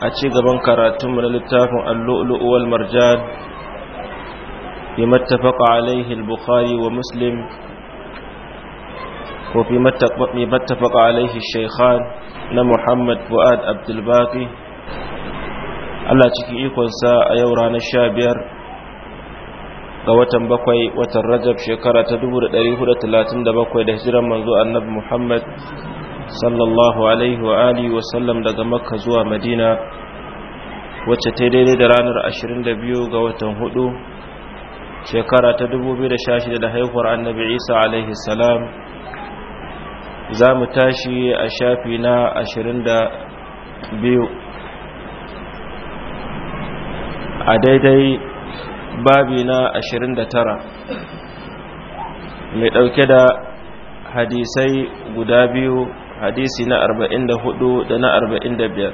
a ci gaban karatunmu na littafin allu'ulu'u wal marjan fi mattafaqa alaihi al-bukhari wa muslim ko fi mattafaqa alaihi shaykhan na muhammad fuad abdulbaqi Allah cikin ikonsa a yau ranar sha biyar ga watan bakwai watan rajab shekara ta 1437 da hijiran manzo annabi muhammad sallallahu alaihi wa alihi wasallam daga makka zuwa madina wacce ta daidai da ranar 22 ga watan hudu shekara ta 2016 da haihuwar annabi isa alaihi salam za mu tashi a shafi na 22 a daidai babi na 29 mai ɗauke da hadisai guda biyu hadisi na 44 da na 45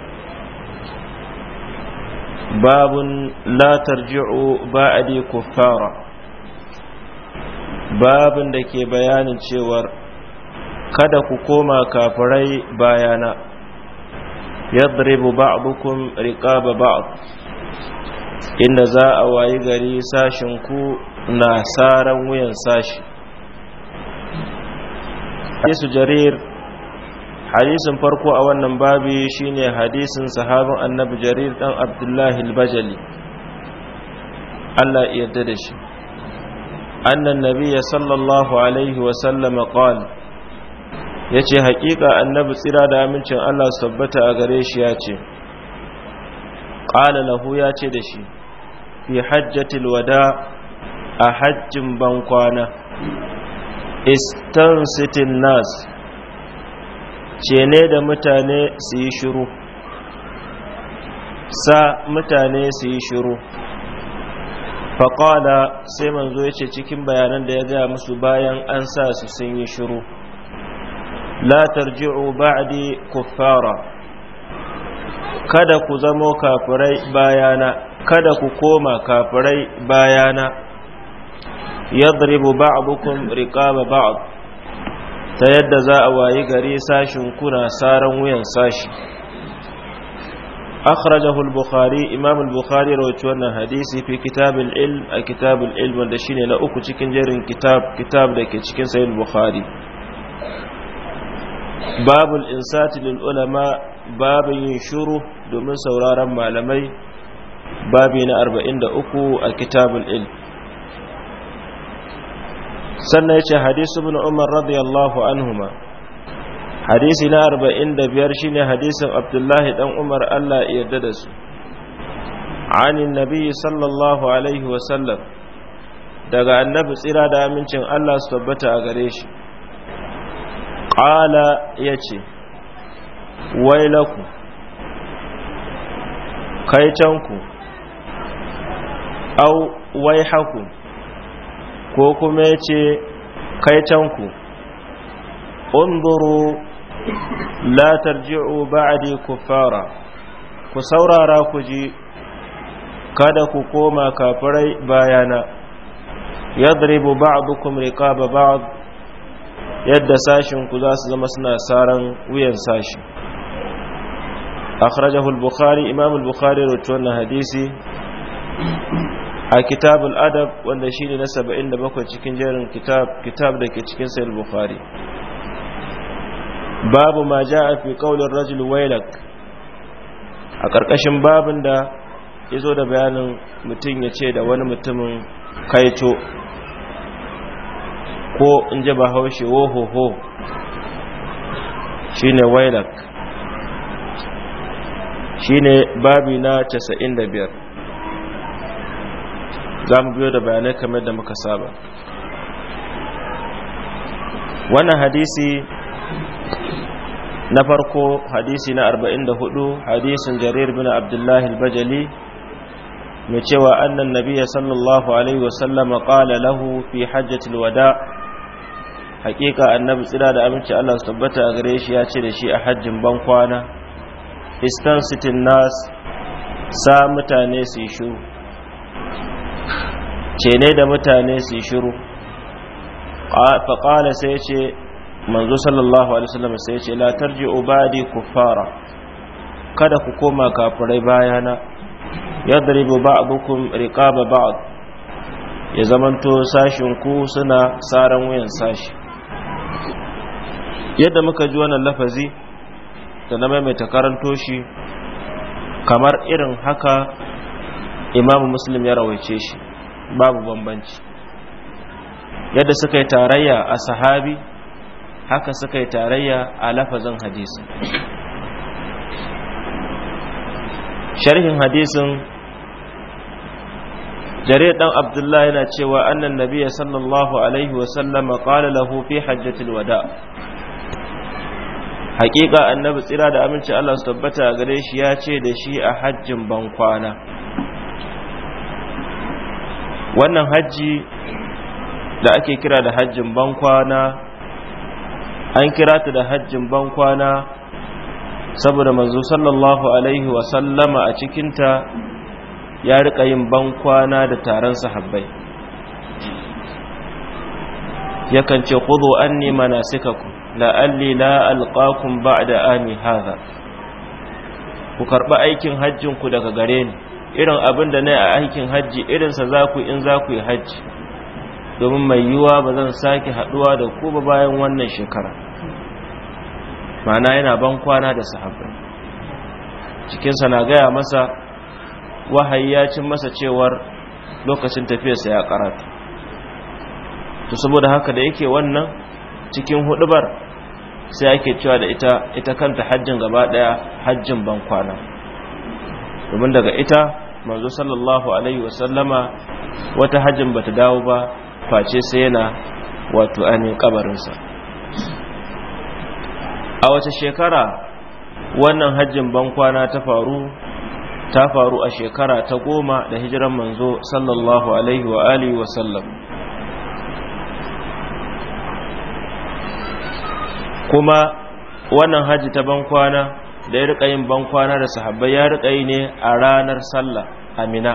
babun la tarji'u ba'adi kuffara babun da ke bayanin cewar kada ku koma kafirai bayana yadribu ba'dukum riqaba ba'd inda za a wayi gari sashin ku na saran wuyan sashi Yesu Jarir hadisin farko a wannan babi shine hadisin sahabin annabi jarir dan abdullahi al-bajali Allah yarda da shi annan nabiyya sallallahu alaihi wa sallama qala yace hakika annabi tsira da amincin Allah sabbata a gare shi yace qala lahu yace da shi fi hajjatil wada a hajjin bankwana istansitin nas ce ne da mutane su yi shiru sa mutane su yi shiru faƙala sai manzo ya ce cikin bayanan da ya gaya musu bayan an sa su sun yi shiru la tarji'u ba'di kuffara kada ku zamo kafirai bayana kada ku koma kafirai bayana yadribu ba'dukum riqaba ba'd ta yadda za a wayi gare sashin kuna saran wuyan sashi akhrajahu al-bukhari imam al-bukhari rawaci wannan hadisi fi kitab al-ilm a kitab al-ilm wanda shine na uku cikin jerin kitab kitab da ke cikin sahih al-bukhari babul insati lil ulama babu yin shiru domin sauraron malamai babi na 43 a kitab ilm sannan ce hadisu bin umar radiyallahu anhuma hadisi na arba'in da shi shine hadisin abdullahi dan umar Allah ya yarda da su anin nabi sallallahu alaihi wa sallam daga annabi tsira da amincin Allah su tabbata a gare shi qala ce wailaku kaitanku au waihaku ko kuma ya ce kaitanku unzuru la tarji'u ba'di kuffara ku saurara ku ji kada ku koma kafirai bayana yadribu ba'dukum riqaba ba'd yadda sashin ku za su zama suna saran wuyan sashi akhrajahu al-bukhari imam al-bukhari rawaito wannan hadisi a kitabul adab wanda shi ne na 77 cikin jerin kitab kitab da ke cikin sayar bukhari babu ma ja'a fi qaulir rajul wailak a ƙarƙashin babin da ya zo da bayanin mutum ya ce da wani mutumin kaito ko in ji ba haushe wohoho shi ne wailak shi ne babi 95 za mu biyo da bayanai kamar da muka saba wannan hadisi na farko hadisi na 44 hadisin jarir bin abdullahi bajali mai cewa annan nabiya sallallahu alaihi wasallama qala lahu fi hajjatul wada hakika annabi tsira da aminci Allah su tabbata a gare shi ya ce da shi a hajjin bankwana kwana istan sitin nas sa mutane su yi shiru ce ne da mutane su yi shiru faƙala sai ce manzo sallallahu alaihi wasallam sai ce la tarji ubadi kufara kada ku koma kafirai bayana yadribu ba'dukum riqaba ba'd ya zamanto sashin ku suna saran wayan sashi yadda muka ji wannan lafazi da na maimaita karanto shi kamar irin haka imamu muslim ya rawaice shi babu bambanci yadda suka yi tarayya a sahabi haka suka yi tarayya a lafazin hadisi sharhin hadisin jarir dan abdullahi yana cewa annan nabiya sallallahu alaihi wasallam qala lahu fi hajjatil wada haƙiƙa annabi tsira da aminci Allah su tabbata gare shi ya ce da shi a hajjin bankwana wannan hajji da ake kira da hajjin bankwana an kira ta da hajjin bankwana saboda manzo sallallahu alaihi wasallama a cikinta ya rika yin bankwana da taron sahabbai yakan ce kudu an nema na ku, la'alli la alƙakun ba da ami haza ku karɓi aikin hajjinku daga gare ni irin abin da na yi a aikin hajji irinsa za ku in za ku yi hajji domin mai yiwuwa ba zan sake haɗuwa da ku ba bayan wannan shekara mana yana ban kwana da sahabbai cikinsa na gaya masa wahayi ya cin masa cewar lokacin tafiyarsa ya karatu to saboda haka da yake wannan cikin hudubar sai ake cewa da ita ita kanta hajjin gaba daya hajjin ban kwana domin daga ita manzo sallallahu alaihi wasallama wata hajjin bata dawo ba face sai yana wato ainihin kabarinsa a wace shekara wannan hajjin bankwana ta faru ta faru a shekara ta goma da hijiran manzo sallallahu alaihi wa alihi wasallam kuma wannan hajji ta bankwana da ya rika yin ban kwana da sahabbai ya riƙa yi ne a ranar sallah amina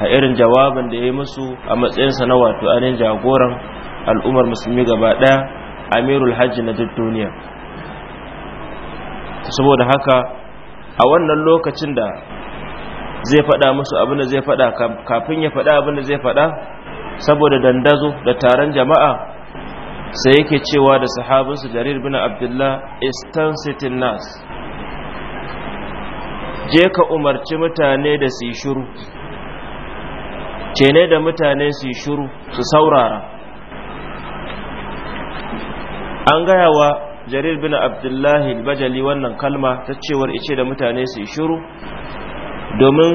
a irin jawabin da ya yi musu a matsayinsa na wato anin jagoran al'ummar musulmi gaba ɗaya amirul hajji na duk duniya saboda haka a wannan lokacin da zai faɗa musu abin da zai faɗa kafin ya faɗa abin da zai faɗa saboda dandazo da taron jama'a sai yake cewa da sahabinsu jarir bin abdullah istansitin nas je ka umarci mutane da su shuru cene da mutane su shuru su saurara an gaya wa jarir bin abdullahi bajali wannan kalma ta cewar ice da mutane su shuru domin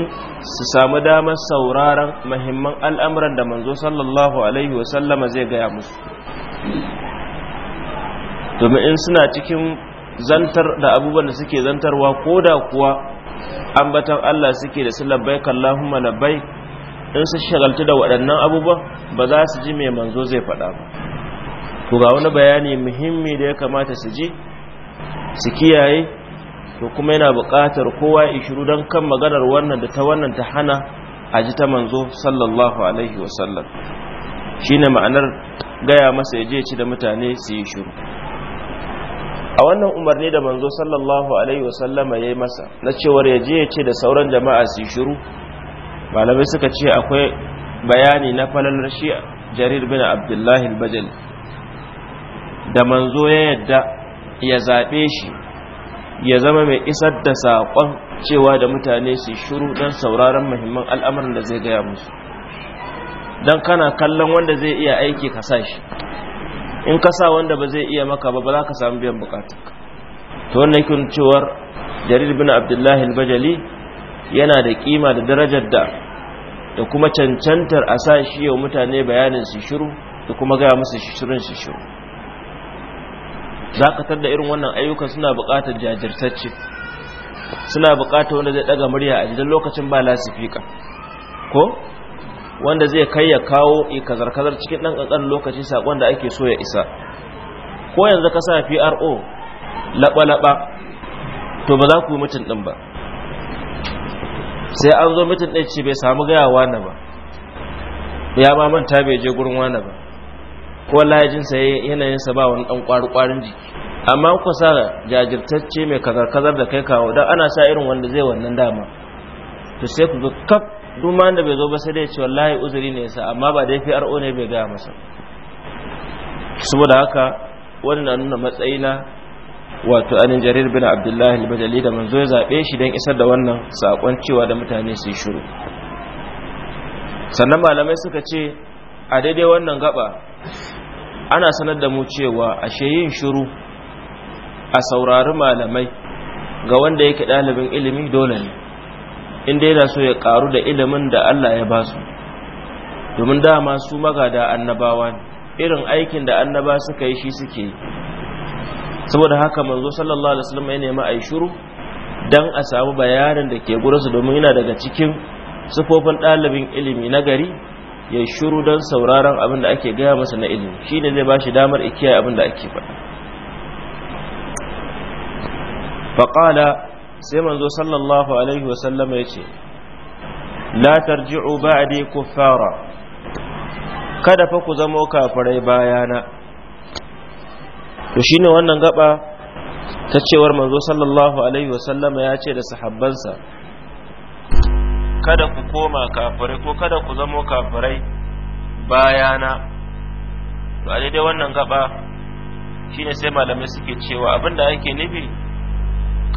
su samu damar sauraron mahimman al'amuran da manzo sallallahu alaihi wasallama zai gaya musu domin in suna cikin zantar da abubuwan da suke zantarwa ko da kuwa ambatan Allah suke da su labbai kallahumma labbai in su shagaltu da waɗannan abubuwan ba za su ji mai manzo zai faɗa ba ku ga wani bayani muhimmi da ya kamata su ji su kiyaye to kuma yana buƙatar kowa ya shiru don kan maganar wannan da ta wannan ta hana a ji ta manzo sallallahu alaihi wasallam shine ma'anar gaya masa ya je ci da mutane su yi shuru, a wannan umarni da manzo sallallahu alaihi wasallama ya masa na cewar ya je ya ce da sauran jama'a su yi shuru. malamai suka ce akwai bayani na falalar shi jarir bin abdullahi bajali da manzo ya yadda ya zabe shi ya zama mai isar da saƙon cewa da mutane su shuru don sauraron muhimman al'amarin da zai gaya musu don kana kallon wanda zai iya aiki ka sa shi in ka sa wanda ba zai iya maka ba ba za ka samu biyan bukatu. to wannan cewar jarir bin abdullahi bajali yana da kima da darajar da da kuma cancantar a sa shi yau mutane bayanin su shiru da kuma gaya musu shirin su shiru za ka tarda irin wannan ayyukan suna bukatar jajirtacce suna bukatar wanda zai daga murya a jidan lokacin ba lasifika ko wanda zai kai ya kawo ikazar-kazar cikin ɗan ƙanƙan lokaci saƙon da ake so ya isa ko yanzu ka sa pro laɓa-laɓa to ba za ku yi mutum ɗin ba sai an zo mutum ɗin ce bai samu gaya wane ba ya ma manta bai je gurin wane ba ko lajinsa yanayinsa ba wani ɗan ƙwari-ƙwarin jiki amma ku sa jajirtacce mai kazar-kazar da kai kawo don ana sa irin wanda zai wannan dama to sai ku ga kaf duk ma da bai zo ba sai dai ce wallahi uzuri ne sa amma ba dai PRO ne bai gaya masa saboda haka wannan nuna matsayina wato anin jarir bin abdullahi al-bajali da manzo ya zabe shi dan isar da wannan sakon cewa da mutane su shiru sannan malamai suka ce a daidai wannan gaba ana sanar da mu cewa ashe yin shiru a saurari malamai ga wanda yake ɗalibin ilimi dole ne inda yana so ya karu da ilimin da Allah ya ba su domin dama su magada annabawa ne irin aikin da annaba suka yi shi suke yi saboda haka manzo sallallahu alaihi wasallam ya nemi ayi shiru dan a samu bayanin da ke gurinsu domin yana daga cikin sufofin ɗalibin ilimi na gari ya shiru don sauraron abin da ake gaya masa na ilimi shine zai bashi shi damar ikiya abin da ake faɗa faƙala sai manzo sallallahu alaihi wasallama ya ce la tarji'u ba'di kuffara kada fa ku zamo kafirai bayana to shine wannan gaba ta cewar manzo sallallahu alaihi wasallama ya ce da sahabbansa kada ku koma kafirai ko kada ku zamo kafirai bayana to a daidai wannan gaba shine sai malamai suke cewa abinda ake nufi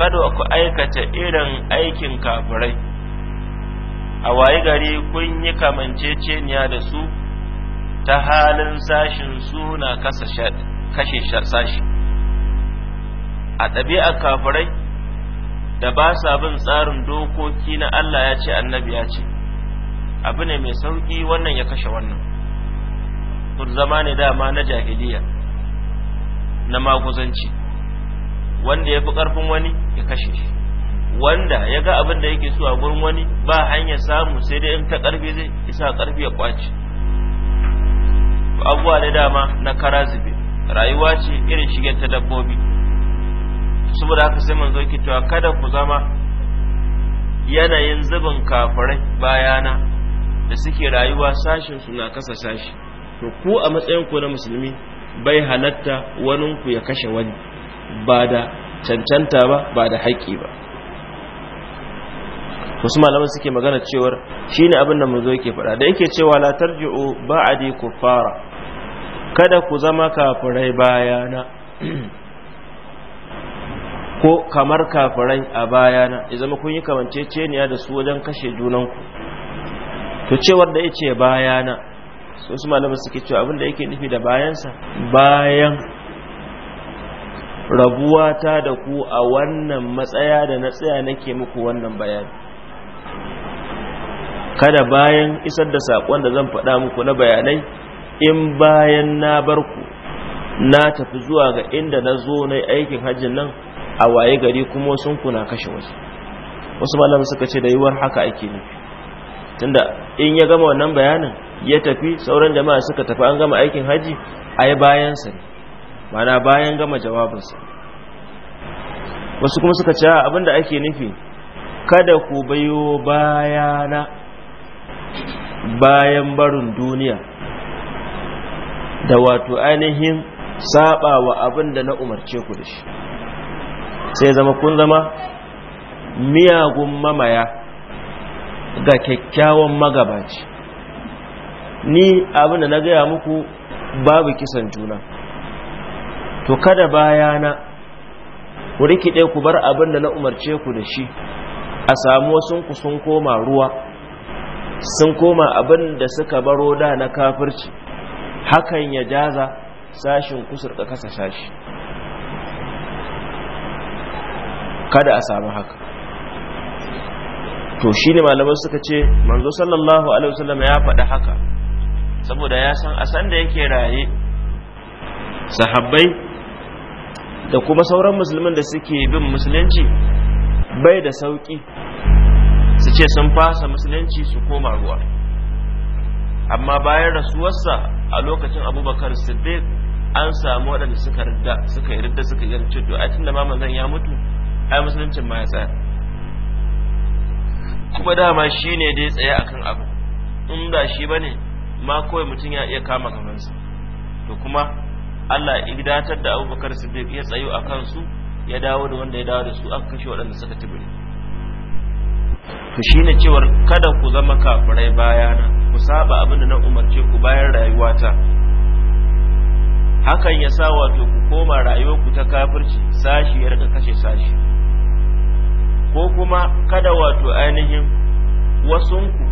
kada ku aikata irin aikin kafirai a waye gari kun yi kamanceceniya da su ta halin sashin suna kashe sashi a ɗabi'a kafirai da ba sa bin tsarin dokoki na Allah ya ce annabi ya ce abu ne mai sauƙi wannan ya kashe wannan kun zama ne dama na jahiliya na maguzanci wanda ya fi ƙarfin wani ya kashe shi wanda ya ga abin da yake so a gurin wani ba hanya samu sai dai in ta ƙarfi zai isa ƙarfi ya kwace abuwa da dama na kara zube rayuwa ce irin shigen ta dabbobi saboda haka sai manzo yake cewa kada ku zama yanayin zubin kafirai bayana da suke rayuwa sashin su na kasa sashi to ku a matsayin ku na musulmi bai halatta wani ku ya kashe wani ba da cancanta ba ba da haƙƙi ba wasu malaman suke magana cewar shine abin da mu zo yake faɗa da yake cewa la tarji'u ku kufara kada ku zama kafirai bayana ko kamar kafirai a bayana ya zama kun yi kamanceceniya da su wajen kashe junanku to cewar da ya ce bayana wasu su suke cewa abin da yake nufi da bayansa bayan rabuwa ta da ku a wannan matsaya da na tsaya nake muku wannan bayani kada bayan isar da saƙon da zan faɗa muku na bayanai in bayan na bar ku na tafi zuwa ga inda na zo na aikin hajjin nan a waye gari kuma sun na kashe wasu wasu malamu suka ce da yiwuwar haka ake nufi tunda in ya gama wannan bayanin ya tafi sauran jama'a suka tafi an gama aikin haji a yi bayansa ne mana bayan gama jawabinsa wasu kuma suka ce abinda ake nufi kada ku bayo bayana bayan barin duniya da wato ainihin saba wa abinda na umarce ku da shi sai zama kun zama miyagun mamaya ga kyakkyawan magabaci ni abinda na gaya muku babu kisan juna to kada bayana ku rikide ku bar abin da na umarce ku da shi a samu sun ku sun koma ruwa sun koma abin da suka baro da na kafirci hakan ya jaza sashin kusur da kasa sashi kada a samu haka to shine malamar suka ce manzo sallallahu alaihi wasallam ya faɗi haka saboda ya san a san da yake raye sahabbai da kuma sauran musulmin da suke bin musulunci bai da sauki su ce sun fasa musulunci su koma ruwa amma bayan rasuwarsa a lokacin abubakar siddiq an samu waɗanda suka rida suka yi rida suka yi to da ma ya mutu ai musuluncin ma ya tsaya kuma dama shi ne da ya tsaye akan abu in ba shi bane ma kawai mutum ya iya kama kamansa to kuma Allah ya datar da Abubakar Siddiq ya tsayo a kansu ya dawo da wanda ya dawo da su aka kashe waɗanda suka tibiri to shine cewar kada ku zama kafirai bayana ku saba abin da na umarce ku bayan rayuwata hakan ya sa wato ku koma rayuwarku ta kafirci sashi ya rika kashe sashi ko kuma kada wato ainihin wasunku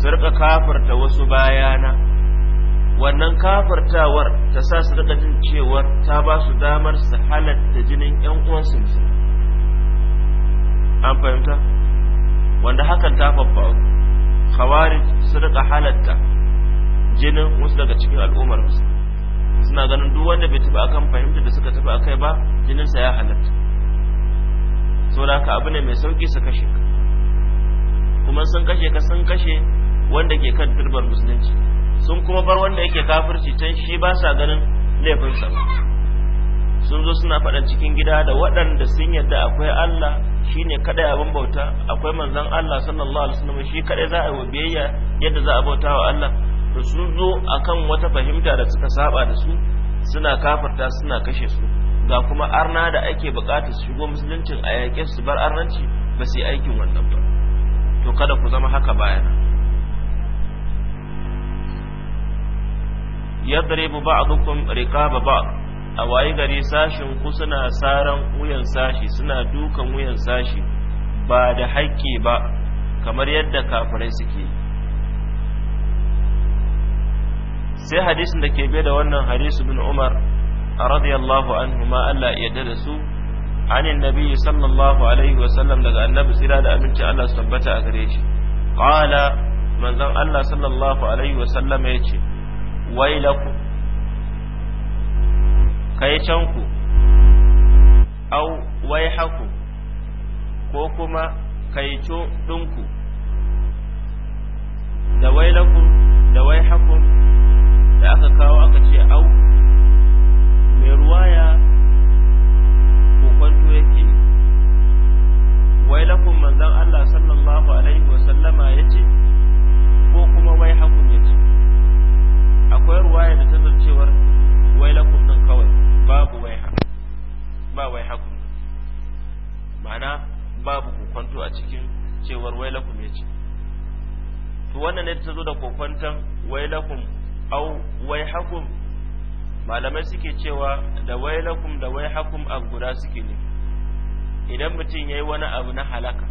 su rika kafirta wasu bayana wannan kafartawar ta sa su daga jin cewar ta ba su damar su halatta jinin yan uwansu musulmi an fahimta wanda hakan ta babba kawari su rika halatta jinin wasu daga cikin al'ummar su suna ganin duk wanda bai tafi akan fahimta da suka tafi akai ba jininsa ya halatta da ka abu ne mai sauki su kashe kuma sun kashe ka sun kashe wanda ke kan turbar musulunci sun kuma bar wanda yake kafirci can shi ba sa ganin laifinsa ba sun zo suna faɗan cikin gida da waɗanda sun yadda akwai Allah shi ne kaɗai abin bauta akwai manzon Allah sallallahu alaihi wasallam shi kaɗai za a yi biyayya yadda za a bauta wa Allah to sun zo akan wata fahimta da suka saba da su suna kafarta suna kashe su ga kuma arna da ake bukatar su shigo musuluncin a yaƙe su bar arnanci ba su yi aikin wannan ba to kada ku zama haka bayana yadribu ba'dukum riqaba ba'd a waye gari sashin ku suna saran wuyan sashi suna dukan wuyan sashi ba da haƙƙi ba kamar yadda kafirai suke sai hadisin da ke bai da wannan hadisu bin umar a radiyallahu anhu ma Allah ya da su anin nabi sallallahu alaihi sallam daga annabi tsira da aminci Allah su tabbata a gare shi qala manzon Allah sallallahu alaihi sallam ya ce wailaku kai canku au wai haku ko kuma kaico ɗinku da wailaku da wai haku da aka kawo aka ce au mai ruwaya wannan ne ta zo da kokwantan au malamai suke cewa da wailakum da waihakum abu guda suke ne idan mutum ya yi wani abu na halaka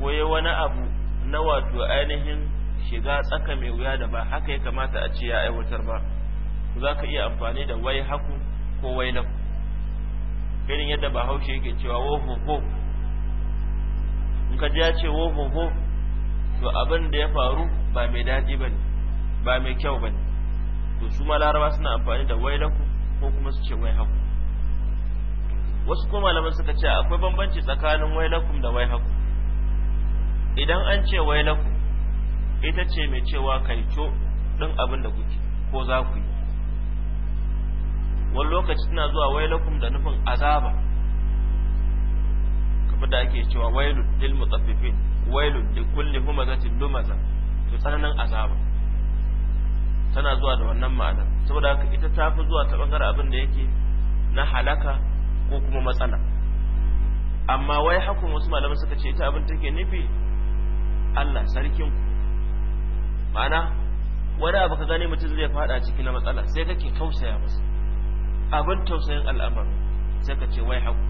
ko ya wani abu na wato ainihin shiga tsaka mai wuya da ba haka ya kamata a ce ya aiwatar ba za ka iya amfani da waihakum ko wailakum irin yadda bahaushe yake cewa wo ho in ka ji ya ce ho to abin da ya faru ba mai daɗi ba ne ba mai kyau ba ne to su ma laraba suna amfani da wailaku ko kuma su ce wai haku wasu kuma malaman suka ce akwai bambanci tsakanin wailakum da wai haku idan an ce laku ita ce mai cewa to ɗin abin da kuke ko za ku yi wani lokaci tana zuwa wailakum da nufin azaba kamar da ake cewa wai lil mutaffifin wailu da kulli humazatin lumaza to tsananin azaba tana zuwa da wannan ma'anar saboda haka ita ta fi zuwa ta bangaren abin da yake na halaka ko kuma matsala amma wai hakun wasu malamai suka ce ita abin take nufi Allah sarkin ku ma'ana wani abu ka gane mutum zai fada ciki na matsala sai kake tausaya masa abin tausayin al'amarin sai ka ce wai haku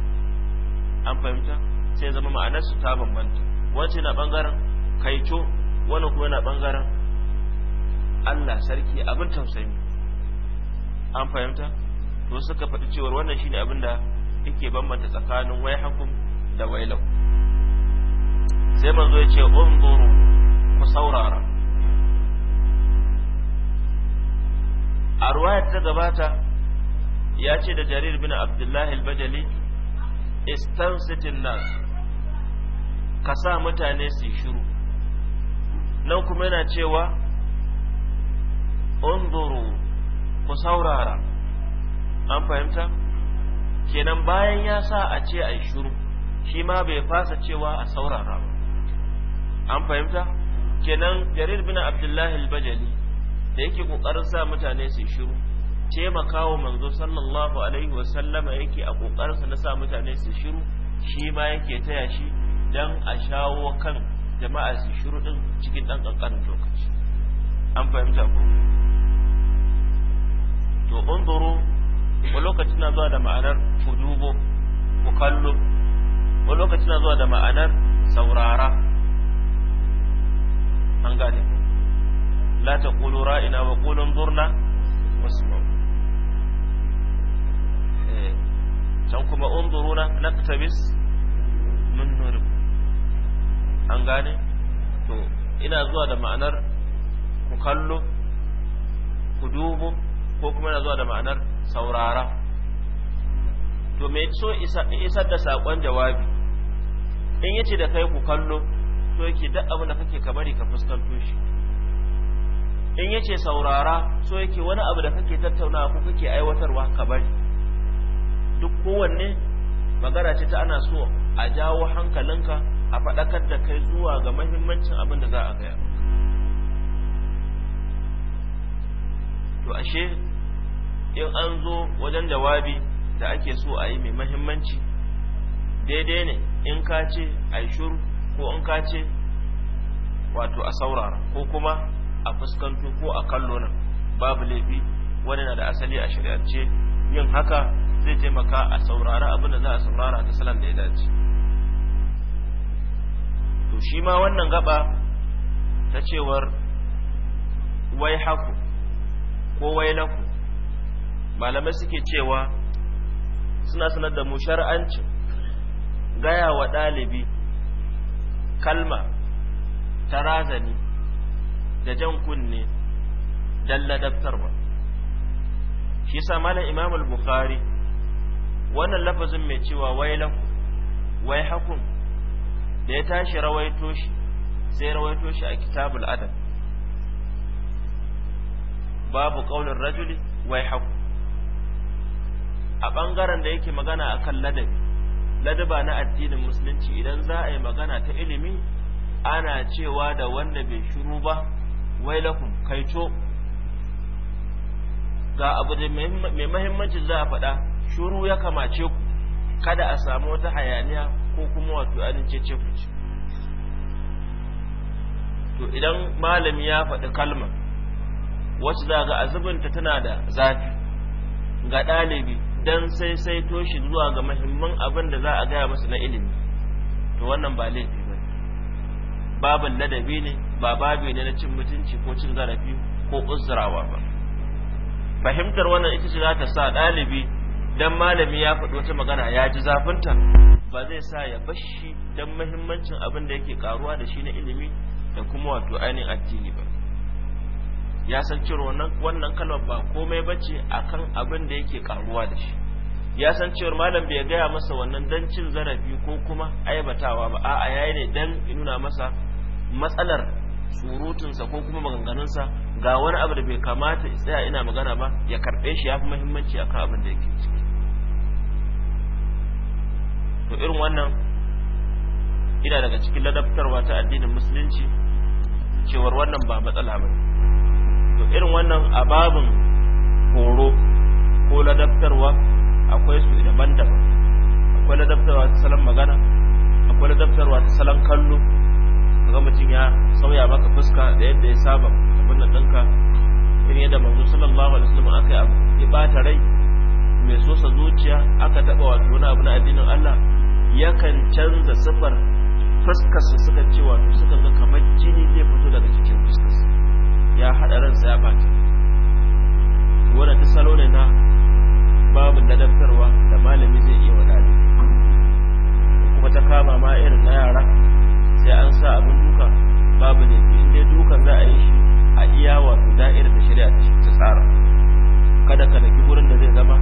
an fahimta sai zama ma'anar su ta bambanta wance na bangaren kaico wani kuma na bangaren Allah sarki abin tausayi an fahimta to suka faɗi cewar wannan shine abin da yake bambanta tsakanin wai hakum da lau sai manzo ya ce unzuru ku saurara a ruwayar ta gabata ya ce da jarir bin abdullahi al-bajali istansitin nas ka sa mutane su shiru nan kuma yana cewa unzuru ku saurara an fahimta kenan bayan ya sa a ce a shiru shi ma bai fasa cewa a saurara ba an fahimta kenan jarir bin abdullahi al-bajali da yake kokarin sa mutane su shiru taimakawa manzo sallallahu alaihi wasallama yake a kokarinsa na sa mutane su shiru shi ma yake taya shi dan a shawo kan jama'a su shiru din cikin dan kankanin lokaci an fahimta ku to unzuru wa lokaci na zuwa da ma'anar fudubo ku kallo wa lokaci na zuwa da ma'anar saurara an gane ku la taqulu ra'ina wa qulu unzurna wasma'u eh, can kuma unzuruna naktabis min nurikum an gane to ina zuwa da ma'anar ku kallo ku dubo ko kuma ina zuwa da ma'anar saurara to me so isar da saƙon jawabi in yace da kai ku kallo to yake duk abin da kake kamari ka fuskanto shi in yace saurara so yake wani abu da kake tattaunawa ko kake aiwatarwa ka bari duk kowanne magana ce ta ana so a jawo hankalinka a faɗakar da kai zuwa ga mahimmancin abin da za a gaya to ashe in an zo wajen jawabi da ake so a yi mai mahimmanci daidai ne in ka ce a yi shuru ko in ka ce wato a saurara ko kuma a fuskanto ko a kallo nan babu laifi wani na da asali a ce, yin haka zai taimaka a saurara abin da za a saurara ta salon da ya dace to shi ma wannan gaba ta cewar wai haku ko wai laku malamai suke cewa suna sanar da mu shar'ancin gaya wa ɗalibi kalma ta razani da jan kunne don ladabtarwa shi sa malam imam al-bukhari wannan lafazin mai cewa wai laku wai hakun da ya tashi rawaito shi sai rawaito shi a kitabul adab babu qaulur rajuli wai haku a bangaren da yake magana akan ladabi ladaba na addinin musulunci idan za a yi magana ta ilimi ana cewa da wanda bai shiru ba wai lakum kaito ga abu da mai mahimmanci za a faɗa shuru ya kamace ku kada a samu wata hayaniya ko kuma wato ainihin ku to idan malami ya faɗi kalma wacce za ga azubinta tana da zafi ga ɗalibi don sai sai toshi zuwa ga mahimman abin da za a gaya masa na ilimi to wannan ba laifi ba babin ladabi ne ba babi ne na cin mutunci ko cin zarafi ko uzurawa ba fahimtar wannan ita ce za ta sa ɗalibi dan malami ya faɗi wata magana ya ji zafinta ba zai sa ya bashi dan muhimmancin abin da yake karuwa da shi na ilimi da kuma wato ainihin addini ba ya san cewa wannan kalmar ba komai bace akan abin da yake karuwa da shi ya san cewa malam bai gaya masa wannan dan cin zarafi ko kuma aibatawa ba a'a yayi ne dan nuna masa matsalar surutunsa ko kuma maganganunsa ga wani abu da bai kamata ya tsaya ina magana ba ya karɓe shi ya fi muhimmanci akan abin da yake ciki to irin wannan ina daga cikin ladabtarwa ta addinin musulunci cewar wannan ba matsala ba to irin wannan ababin horo ko ladabtarwa akwai su daban-daban akwai ladabtarwa ta salon magana akwai ladabtarwa ta salon kallo ga mutum ya sauya maka fuska da yadda ya saba abin da ɗinka irin yadda manzo sallallahu alaihi wasallam aka yi abu ya bata rai mai sosa zuciya aka taɓa wato wani abu na addinin Allah yakan canza sifar fuskarsa suka ce wato suka ga kamar jini zai fito daga cikin fuskarsa ya haɗa ransa ya bata wannan ta salo ne na babu daftarwa da malami zai iya wa kuma ta kama ma irin na yara sai an sa abin duka babu ne in dai dukan za a yi shi a iya wato da'ir da shari'a ta tsara kada ka daki wurin da zai zama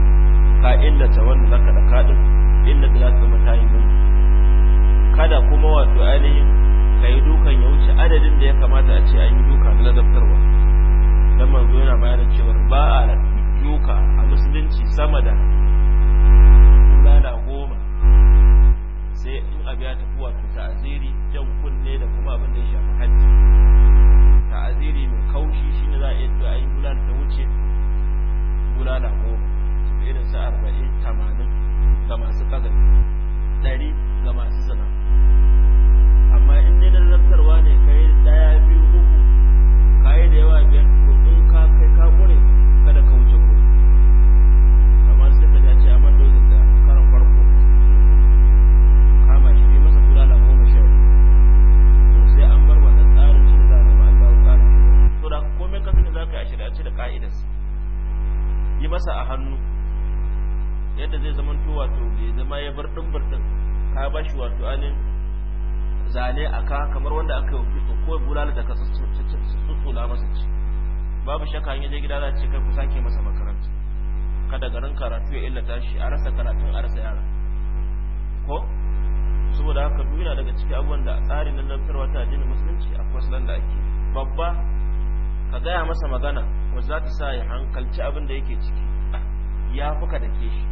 ka illata wanda zaka da kaɗin inda za su zama tayi kada kuma wato ainihin ka yi dukan ya wuce adadin da ya kamata a ce an yi duka na ladabtarwa don manzo yana bayanin cewar ba a duka a musulunci sama da kulala goma sai in abu ya tafi wato ta'aziri jan kunne da kuma abin da ya shafi hajji ta'aziri mai kaushi shine za a iya zuwa yi da ta wuce bulala goma su irin sa arba'in tamanin ga masu kazan ɗari ga masu zana amma in dai da ne ka yi ɗaya biyu uku ka da yawa biyar yadda zai zama to wato bai zama ya bar din ka ba shi wato anin zane a ka kamar wanda aka yi fito ko bulala da su tsutsula masa ci babu shakka in je gida za ce kai ku sake masa makaranta kada garin karatu ya illata shi a rasa karatun a rasa yara ko saboda haka duk yana daga cikin abubuwan da tsarin na lantarwa ta addinin musulunci akwai nan da ake babba ka gaya masa magana wanda za ta sa ya hankalci abin da yake ciki ya fuka da ke shi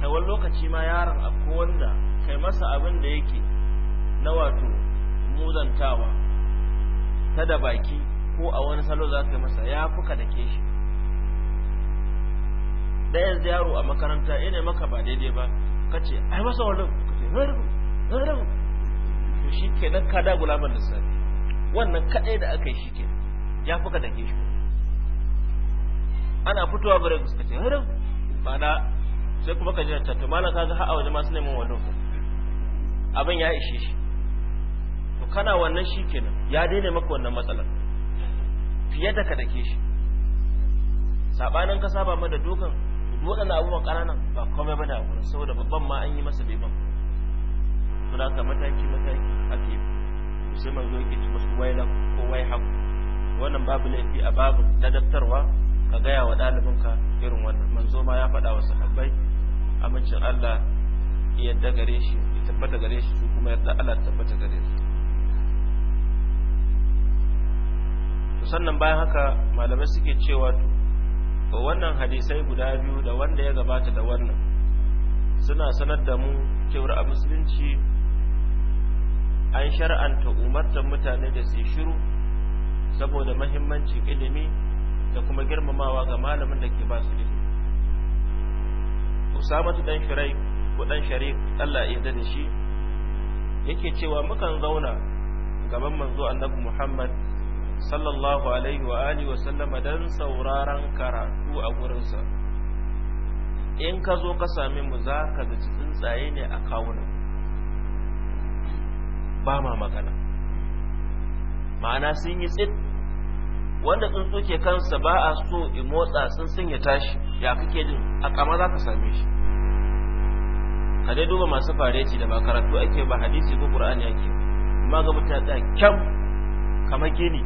kai wani lokaci ma yaron akwai wanda kai masa abin da yake na wato muzantawa ta da baki ko a wani salo za ka yi masa ya fuka da ke shi da yanzu yaro a makaranta ina maka ba daidai ba ka ce ai masa wani ka ce harabu harabu to shi ke nan ka da gulaman sani wannan kaɗai da aka yi shi ke ya fuka da ke shi ana fitowa bare ka ce harabu ba na sai kuma ka jira tattu malam ka ga ha'a wajen ma neman min wando abin ya ishe shi to kana wannan kenan ya daina maka wannan matsalar fiye da ka dake shi sabanin ka saba ma da dokan waɗannan abubuwan ƙananan ba komai ba da wurin saboda babban ma an yi masa ban to da ka mataki mataki ake sai manzo yake ci musu waila ko wai haku wannan babu laifi a babu ladabtarwa ka gaya wa ɗalibinka irin wannan manzo ma ya faɗa wasu sahabbai amincin Allah yadda gare shi ya tabbata gare shi su kuma yadda Allah tabbata gare su sannan bayan haka malamai suke cewa to wannan hadisai guda biyu da wanda ya gabata da wannan suna sanar da mu cewar a musulunci an shar'anta umartar mutane da su shiru saboda mahimmancin ilimi da kuma girmamawa ga malamin da ke ba su ilimi Usama dan shirai ko dan Sharif Allah ya yarda da shi yake cewa mukan zauna gaban manzo annabi Muhammad sallallahu alaihi wa alihi wa sallama dan sauraron karatu a gurinsa in ka zo ka same mu za ka cikin tsuntsaye ne a kawunan ba ma magana ma'ana sun yi tsit wanda tsuntsu ke kansa ba a so in motsa sun ya tashi ya kake jin a kama za ka same shi ka dai duba masu fareci da ba karatu ake ba hadisi ko qur'ani ake amma ga mutane da kyam kamar gini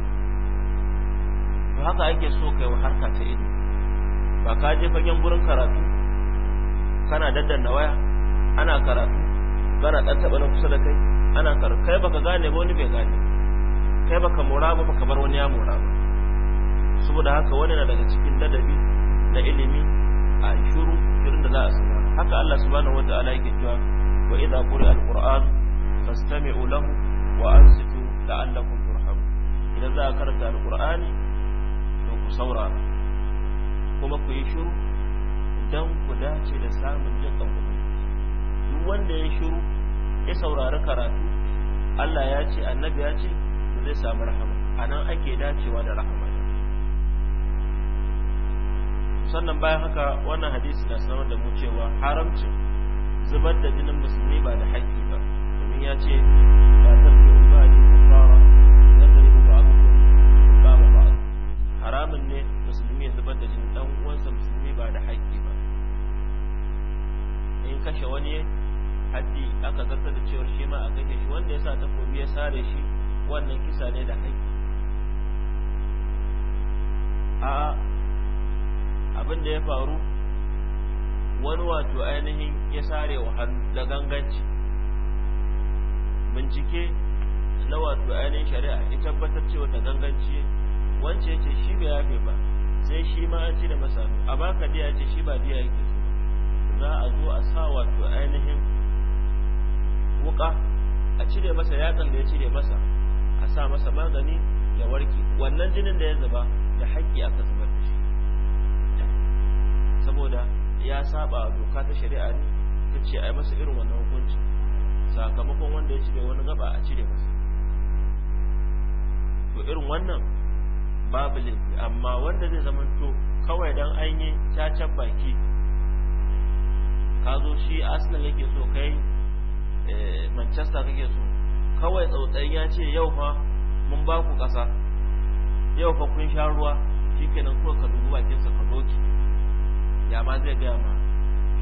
to haka ake so kai wa harka ta ido ba ka je fagen gurin karatu kana daddanna waya ana karatu kana dan taba na kusa da kai ana karatu kai baka gane ba wani bai gane kai baka mura ba baka bar wani ya mura ba saboda haka wani na daga cikin ladabi na ilimi a shiru shirin da za a sana haka Allah subhanahu wataala yake cewa wa idza quri'a alquran fastami'u lahu wa ansitu la'allakum turhamun idan za a karanta alqur'ani to ku saura kuma ku yi shiru dan ku dace da samun jin kan duk wanda ya shiru ya saurari karatu Allah ya ce annabi ya ce zai samu rahama anan ake dacewa da rahama sannan bayan haka wannan hadisi na sanar da mu cewa haramcin zubar da jinin musulmi ba da haƙƙi ba domin ya ce ba fi ba ne kufara zarfi ba abu ba ba ba haramun ne musulmi ya zubar da jinin ɗan uwansa musulmi ba da haƙƙi ba in kashe wani haddi aka zartar da cewar shi ma a kashe shi wanda ya sa takobi ya sare shi wannan kisa ne da haƙƙi a abin da ya faru wani wato ainihin ya sare wa da ganganci bincike na wato ainihin shari'a ya tabbatar cewa ta ganganci wance ya ce shi ba yafe ba sai shi ma an ci da masa a baka diya ce shi ba diya yake za a zo a sa wato ainihin wuka a cire masa yatsan da ya cire masa a sa masa magani ya warke wannan jinin da ya zuba da haƙƙi aka zuba saboda ya saba doka ta shari'a ne ta ce a yi masa irin wannan hukunci sakamakon wanda ya cire wani gaba a cire masa to irin wannan babu laifi amma wanda zai zamanto kawai dan an yi cacan baki ka zo shi arsenal yake so kai eh, manchester kake so kawai tsautsayin ya ce yau fa mun ba ku kasa yau fa kun sha ruwa kenan kuma ka dubi bakinsa ka doki ya ma zai gaya ma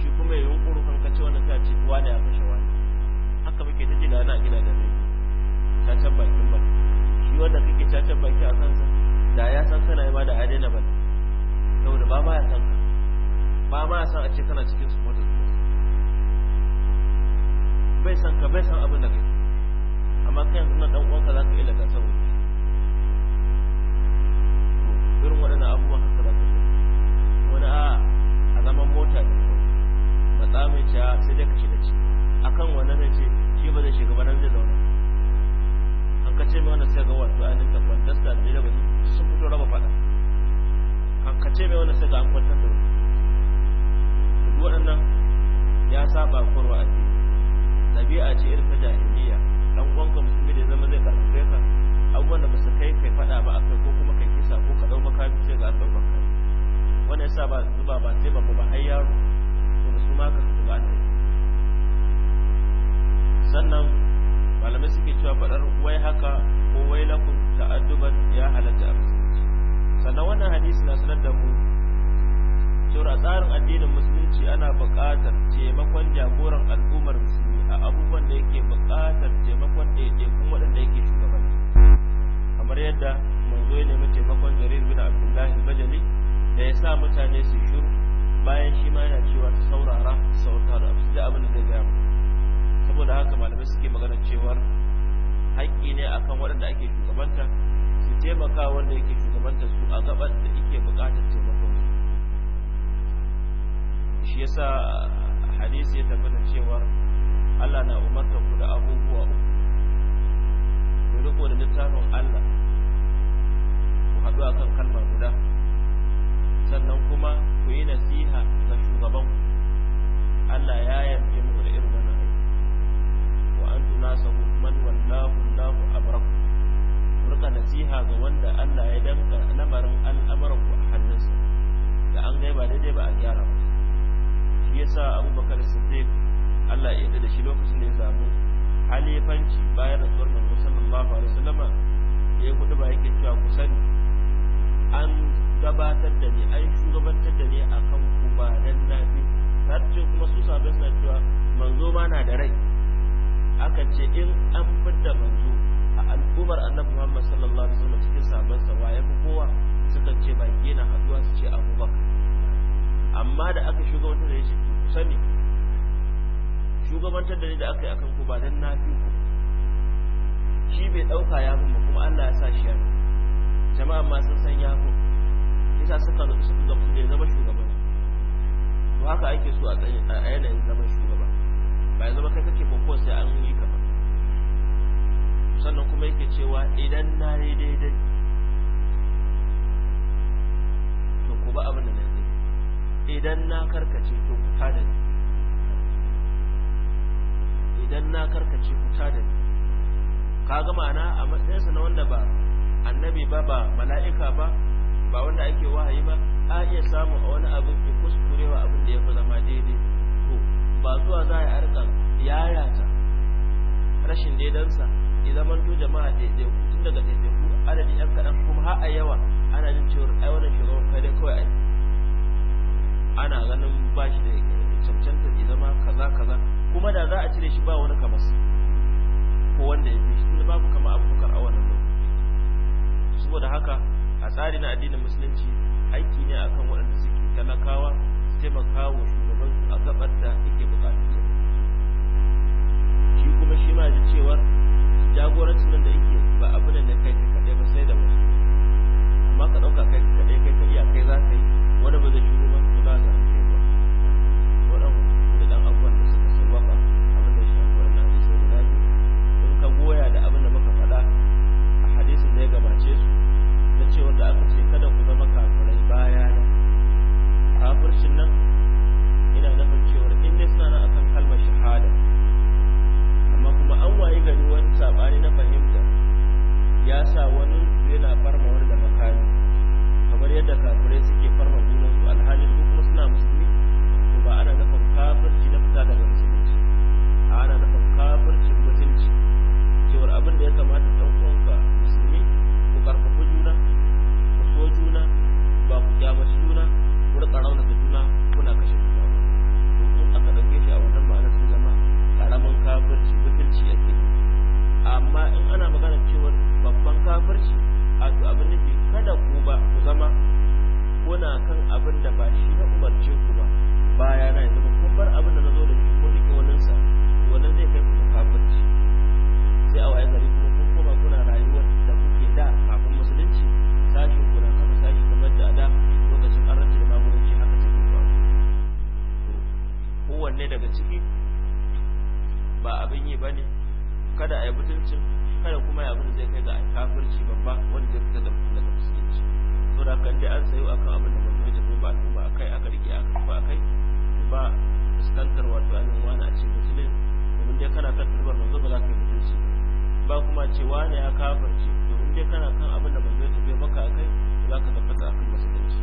shi kuma ya yunkuru kan kace ta sai ce da ya kashe wani haka muke ta gina na gida da ne cacan bakin ba shi wanda kake cacan baki a kansa da ya san kana ma da adena ba da ba ma ya san ka ba ma ya san a ce kana cikin su mota bai san ka bai san abin da kai amma kai yanzu na dan uwanka za ka lagasa wuce irin waɗannan abubuwan haka za ka so wani a zaman mota da matsa mai ciya sai dai ka shiga ci akan wannan ne ce shi ba zai shiga ba nan zai zauna an kace mai wannan sai ga wato ainihin da kwantasta da ba sun fito raba fada an kace mai wannan sai ga an kwantar da wani duk waɗannan ya saba kurwa a cikin ɗabi'a ce irin ta jahiliya dan uwanka musulmi da zama zai karfafe ka abubuwan da ba su kai kai faɗa ba kai ko kuma kai kisa ko ka ɗau makami ga an ɗau wanda yasa ba zuba ba sai babu ba har yaro to su ma ka ba ne sannan malamai suke cewa faɗar wai haka ko wai lakum ta'adduban ya halatta a sannan wannan hadisi na sanar da mu cewa tsarin addinin musulunci ana buƙatar taimakon jagoran al'ummar musulmi a abubuwan da yake buƙatar taimakon da yake kuma waɗanda yake shugabanci kamar yadda zo ya nemi taimakon jarir bin abdullahi bajali da ya sa mutane su shiru bayan shi ma yana cewa ta saurara saurara su da abin da zai gaya saboda haka malamai suke magana cewar haƙƙi ne akan waɗanda ake shugabanta su taimaka wanda yake shugabanta su a gaban da yake buƙatar taimakon su shi ya sa hadisi ya tabbata cewar Allah na umarta ku da abubuwa uku ku riko da littafin Allah ku haɗu akan kalma guda sannan kuma ku yi nasiha ga shugaban Allah ya yarda muku da irin wannan aiki wa an tunasahu man wallahu Allahu abrak murka nasiha ga wanda Allah ya danka lamarin al'amuran ku a hannunsa da an ga ba daidai ba a gyara ba shi yasa Abubakar Siddiq Allah ya yarda da shi lokacin da ya samu halifanci bayan rasuwar Manzo sallallahu alaihi wasallama ya yi hudu ba yake cewa ku sani an gabatar da ni yi shugabantar da ne akan kan ba nafi har ce kuma su sami suna cewa manzo ma na da rai aka ce in an fidda manzo a al'ummar annabi Muhammad sallallahu alaihi wasallam cikin sabon sa waye fi kowa suka ce baki na haduwa su ce Abubakar amma da aka shugabantar da shi ku sani shugabantar da ne da aka yi akan ku ba nafi ku shi bai dauka ya kuma Allah ya sa shi ya jama'a ma sun san ya kuma yasa suka kuma ya zama shugaba to haka ake so a yanayin zaman shugaba ba ya zama kai kake kokon sai an yi ka ba sannan kuma yake cewa idan na yi daidai to ku ba abin da na yi idan na karkace to ku tada ni idan na karkace ku tada ni ka ga ma'ana a matsayinsa na wanda ba annabi ba ba mala'ika ba ba wanda ake wahayi ba a iya samu a wani abin ya kuskurewa abin da ya fi zama daidai to ba zuwa za a yi rika yayata rashin daidansa ya zama to jama'a daidai tun daga daidai ku adadin yan kaɗan kuma har a yawa ana jin cewa ai wannan shugaban kai dai kawai ai ana ganin ba shi da cancanta ya zama kaza kaza kuma da za a cire shi ba wani kamar ko wanda ya fi shi tun babu kama abubakar a wannan lokaci saboda haka a tsari na addinin musulunci aiki ne akan waɗanda suke talakawa su taimaka wa shugaban a gabar da yake bukatu shi kuma shi ma ji cewar jagorancin nan da yake ba abu ne da kai kaɗai ba sai da wasu amma ka ɗauka kai kaɗai kai kaɗai a kai za ka yi wani ba zai shiru ba ba za ka yi ba waɗannan da ɗan abubuwan da suka abin da ya shafi wannan sai da zafi in ka goya da abin da muka faɗa a hadisin da ya gabace su da ce da aka ce kada ku zama kafirai baya nan kafircin nan ina nufin cewar in dai suna nan akan kalmar shahada amma kuma an waye gari wani sabani na fahimta ya sa wani yana farma wani da makami kamar yadda kafirai suke farma su alhali su kuma suna musulmi to ba ana nufin kafirci na fita daga musulunci ana nufin kafircin mutunci cewar abin da ya kamata ɗan uwanka musulmi ko karfa so juna ba ku kyamaci juna ku rika da juna kuna kashe juna ba to in aka ɗauke shi a wannan ma'anar su zama karamin kafirci mutunci yake amma in ana magana cewa babban kafirci a to abin nufi kada ku ba ku zama kuna kan abin da ba shi na umarce ku ba baya na yanzu kun bar abin da na zo da ke ko nike sa wannan zai kai ku kafirci sai a wa'ai gari kuma kada a yi mutuncin kada kuma ya abin zai kai ga kafirci babba wanda zai fita daga musulunci to da kan dai an sayo akan abin da ba zai zo ba ba akai aka rike aka ba akai ba fuskantar wato an wani a ce musulun domin dai kana kan turbar manzo ba za ka yi mutunci ba kuma ce wani ya kafirci domin dai kana kan abin da zai ya ba ka akai za ka tabbata akan musulunci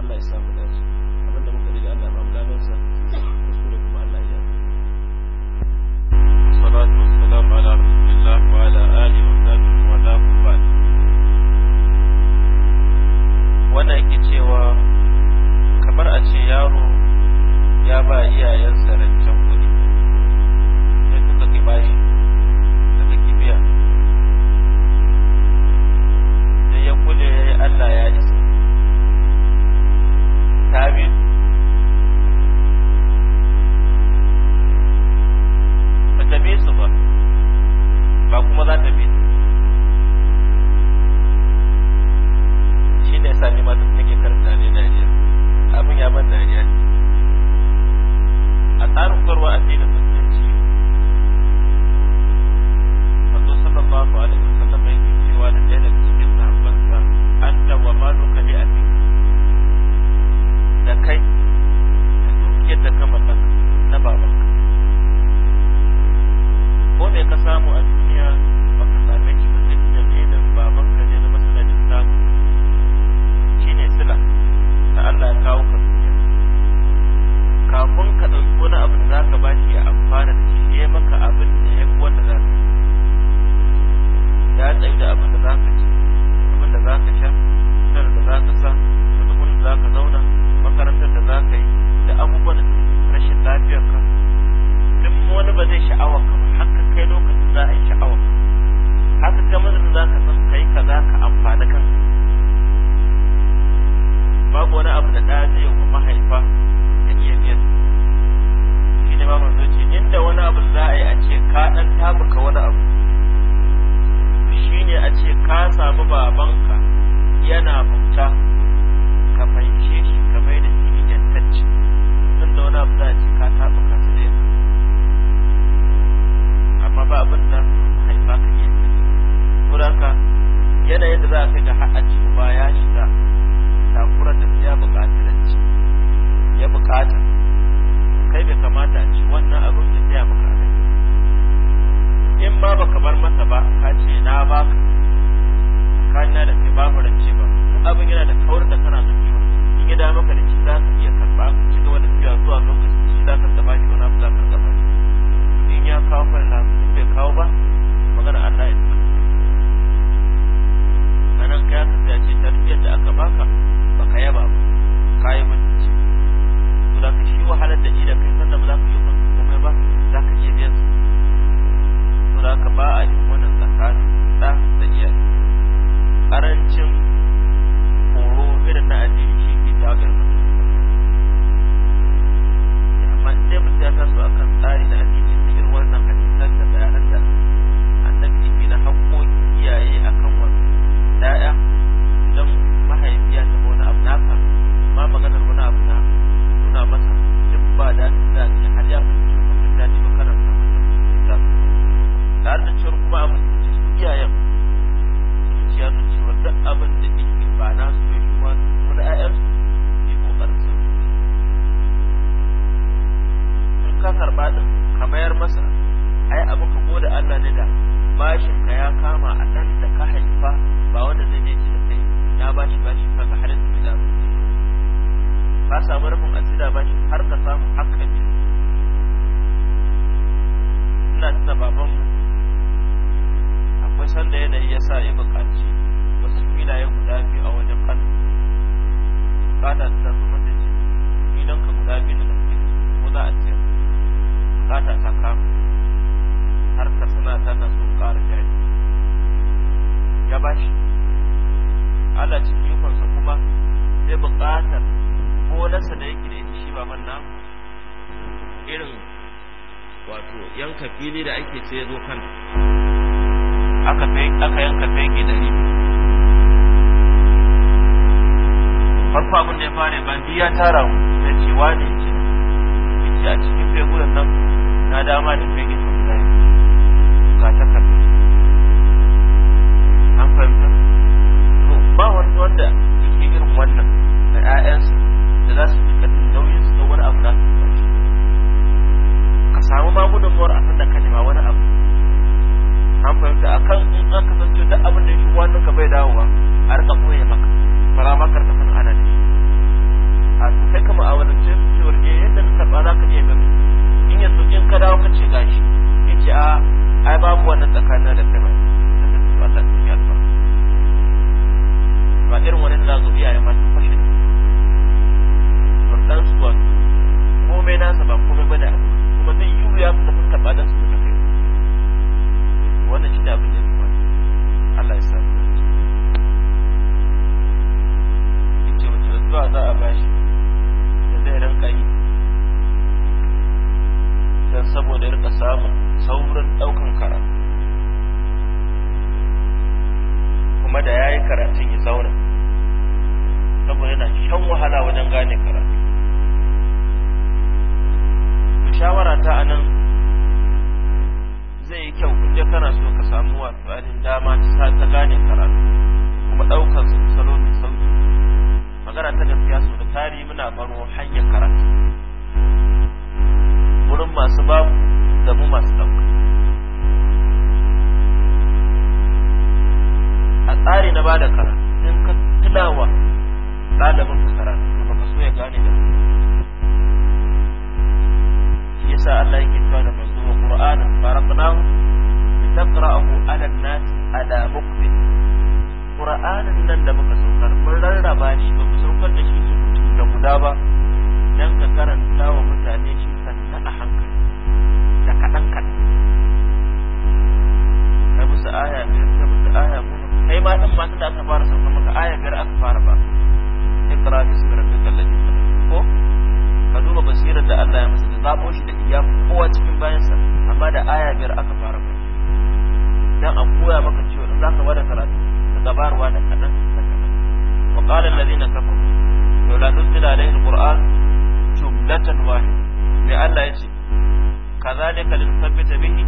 Allah ya samu dace abin da muka rige Allah ba mu sa والصلاة والسلام على رسول الله وعلى آله وصحبه ولا بعد wannan yake cewa kamar a ce yaro ya ba iyayensa rancen kuɗi sai suka ki bashi suka ki biya sai ya Allah ya isa ka samu babanka yana bauta iya karɓa shi ga wani cewa zuwa lokacin shi za ka taɓa shi wani abu za ka taɓa shi in ya kawo kan na in bai kawo ba magana Allah ya taɓa a nan ka yaka sai a ce tarbiyyar da aka baka ba ka yaba ba ka yi mutunci to da ka shi wahalar da ni da kai sanda ba za ka yi kan komai ba za ka iya biyan su to da ka ba a yi wannan tsakanin ɗa da iyaye ƙarancin karba din ka mayar masa ai abu ka gode Allah ne da bashin ka ya kama a dan da ka haifa ba wanda zai ne da kai na bashi bashi ka ka halin da ba samu rufin asida bashi har ka samu ne. ina tuna baban akwai sanda yanayi ya sa ya buƙaci wasu filaye guda biyu a wajen kan bukata ta zama da ce idan ka guda biyu da ko za a ciyar bukata ta kama har ka suna tana sun ƙara jari ya ba shi ala cikin ikonsa kuma sai buƙatar bolarsa da yake da ita shi baban na irin wato yanka fili da ake ce zo kan aka yanka da ni. farko abin da ya fara ban biya tara da cewa ne wane ce a cikin fegunan nan na dama da fage sun guda ga takarda an fahimta to ba wani wanda ke irin wannan da 'ya'yansa da za su fi nauyin su wani abu da ka samu ma gudunmuwar a da kalima wani abu an fahimta a kan in an kasance duk abin da yake wannan ka bai dawowa a rika koya maka fara makar ka san ana ne a kai kama a wani cewar eh, yadda ka karɓa za ka iya gani in ya so in ka dawo ka ce gashi ya ce a ai babu wannan tsakanin da kai ba Allah ta yi alfa ba irin wani da zo iyaye ma su fashe furtan su ba komai nasa ba ko mai bada kuma zai yi ya fita tafi taɓa da su da kai wannan shi ne abin da zuwa Allah ya sa ya ce mutum zuwa za a bashi da zai ranka yi dan saboda ya rika samun saurin daukan karatu kuma da yayi karatun ya zauna saboda yana shan wahala wajen gane karatu shawara ta anan zai yi kyau kuje kana so ka samu wato ainihin dama ta ta gane karatu kuma daukan salo mai sauki magana ta gaskiya so da tari muna baro hanyar karatu gurin masu babu da mu masu ɗauka a tsari na bada karatu in ka tilawa ɗalibin ka karatu ba ka so ya gane da shi yasa Allah yake cewa da manzo wa Qur'ana faraqnahu litaqra'ahu 'ala an-nas 'ala mukmin Qur'anin nan da muka saukar mun rarraba shi ba mu saukar da shi da guda ba dan ka karanta wa mutane shi a hankali da kaɗan kaɗan ta musu aya biyar ta musu aya goma kai ma ɗan matan da aka fara sauka maka aya biyar aka fara ba ikra bi sura bi kallabi ko ka duba basirar da Allah ya musu da zabo shi da iya kowa cikin sa amma da aya biyar aka fara ba dan a koya maka cewa dan zaka bada karatu da gabarwa da kaɗan da wa qala alladhina kafaru لولا نزل عليه القرآن جملة واحدة sai Allah ya ce kazalika linusabbita bihi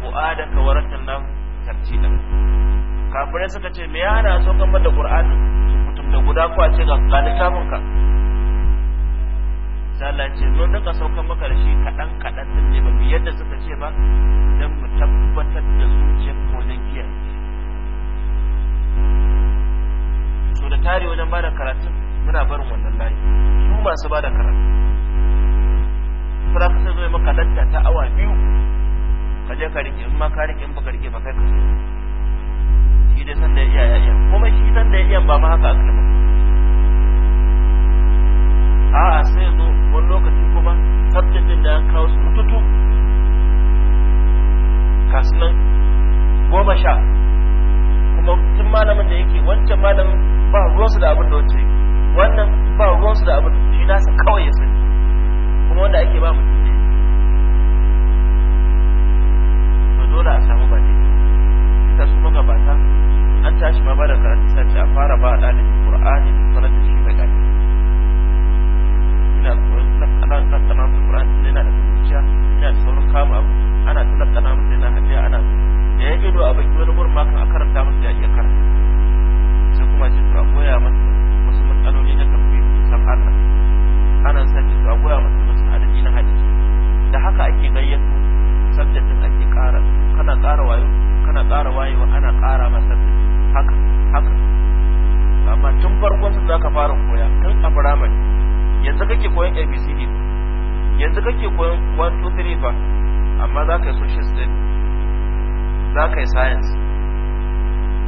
fu'adaka wa ratalnahu tartila kafirai suka ce me yana so kan da qur'ani mutum da guda ko a ce ga littafin ka Allah ce zo duka saukan maka da shi kaɗan kaɗan din ne ba mu yadda suka ce ba don mu tabbatar da zuciyar ko wajen kiyar so da tare wajen bada karatu muna barin wannan layi su masu bada karatu saboda ka zo maka latta ta awa biyu ka je ka rike in ma ka rike in baka rike ba kai ka so shi dai san da iya ya iya kuma shi san da iya ba ma haka aka ba a'a sai zo wani lokaci kuma subject din da an kawo su tutu kasunan goma sha kuma tun malamin da yake wancan malamin ba ruwansu da abin da wancan wannan ba ruwansu da abin da yanzu kake koyon abcd yanzu kake koyon 1 2 3 ba amma za ka yi social study za ka yi science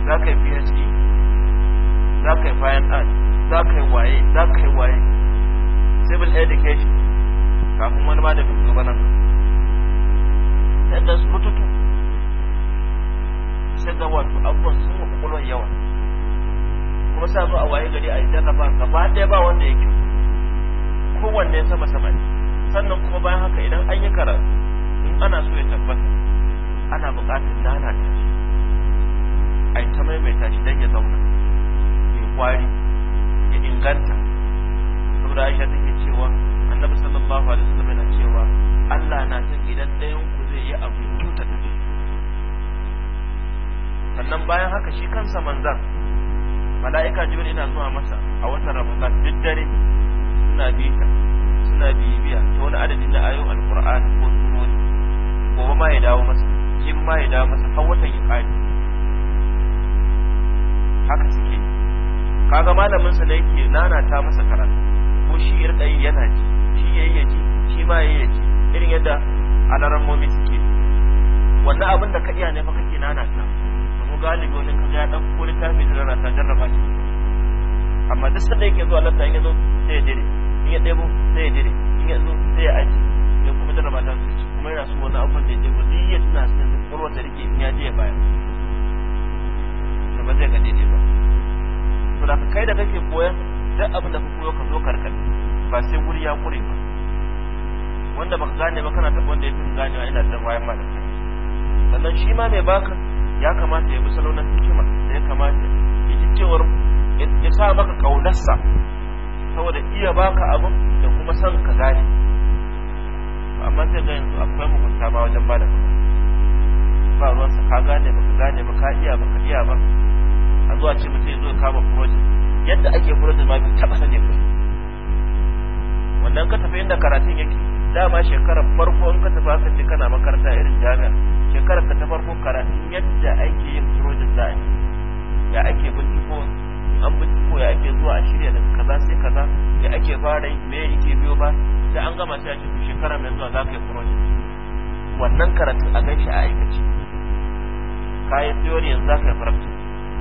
za ka yi phd za ka yi fine art za ka yi waye za ka yi waye civil education kafin wani ma da bai zo ba nan yadda su mututu sai ga wato abubuwan sun wa kwakwalwar yawa kuma sa zo a waye gari a yi jarraba gaba ɗaya ba wanda ya yake kowanne sama sama sannan kuma bayan haka idan an yi karatu in ana so ya tabbata ana buƙatar nana ta shi a yi ta maimaita shi don ya zauna ya kwari ya inganta saboda aisha take cewa annabi sallallahu alaihi wasallam yana cewa Allah na san idan ɗayan ku zai yi abu ta tafi sannan bayan haka shi kansa manzan mala'ika jibril yana zuwa masa a watan ramadan duk dare suna bita suna bibiya ta wani adadin na ayoyin alkur'ani ko surori gobe ma ya dawo masa kin ma ya dawo masa har watan ya ƙare haka suke kaga malaminsa da yake nanata masa karatu ko shi ya rika yana ji shi yayi ya ji shi ma yayi ya ji irin yadda alaran momi suke wannan abin da ka iya ne fa kake nanata ko galibi wani kaga ya ɗauko littafi da rana ta jarraba shi amma duk sanda yake zuwa lantarki ya zo sai ya dire in ya ɗebo sai ya dire in ya zo sai ya aji ya kuma jarraba ta su kuma yana so wani abubuwan da ya ɗebo duk ya tuna sai da tsorwar da rike in ya je ya bayar da zai ga daidai ba to da kai da kake koyan duk abin da ka koyo ka zo karkar ba sai guri ya kure ba wanda baka gane ba kana taɓa wanda ya fi wa ina da wayan ma kai sannan shi ma mai baka ya kamata ya bi salo na hikima da ya kamata ya ji cewar ya sa maka ƙaunarsa. saboda iya baka abin da kuma san ka gane amma sai ga yanzu akwai mugunta ba wajen bada kuma ba ruwansa ka gane ba ka gane ba ka iya ba ka iya ba a zuwa ce mutum ya zo ya kama project yadda ake project ma bai taɓa sani ba wannan ka tafi inda karatun yake dama shekarar farko in ka tafi aka ce kana makaranta irin jami'a shekarar ka ta farko karatun yadda ake yin project za a yi ya ake binciko an bi ko ya ake zuwa a shirya da kaza sai kaza ya ake fara yi me yake biyo ba sai an gama sai a ce shekara mai zuwa za ka yi project wannan karatu a gaishe a aikace ka yi theory yanzu za ka yi practice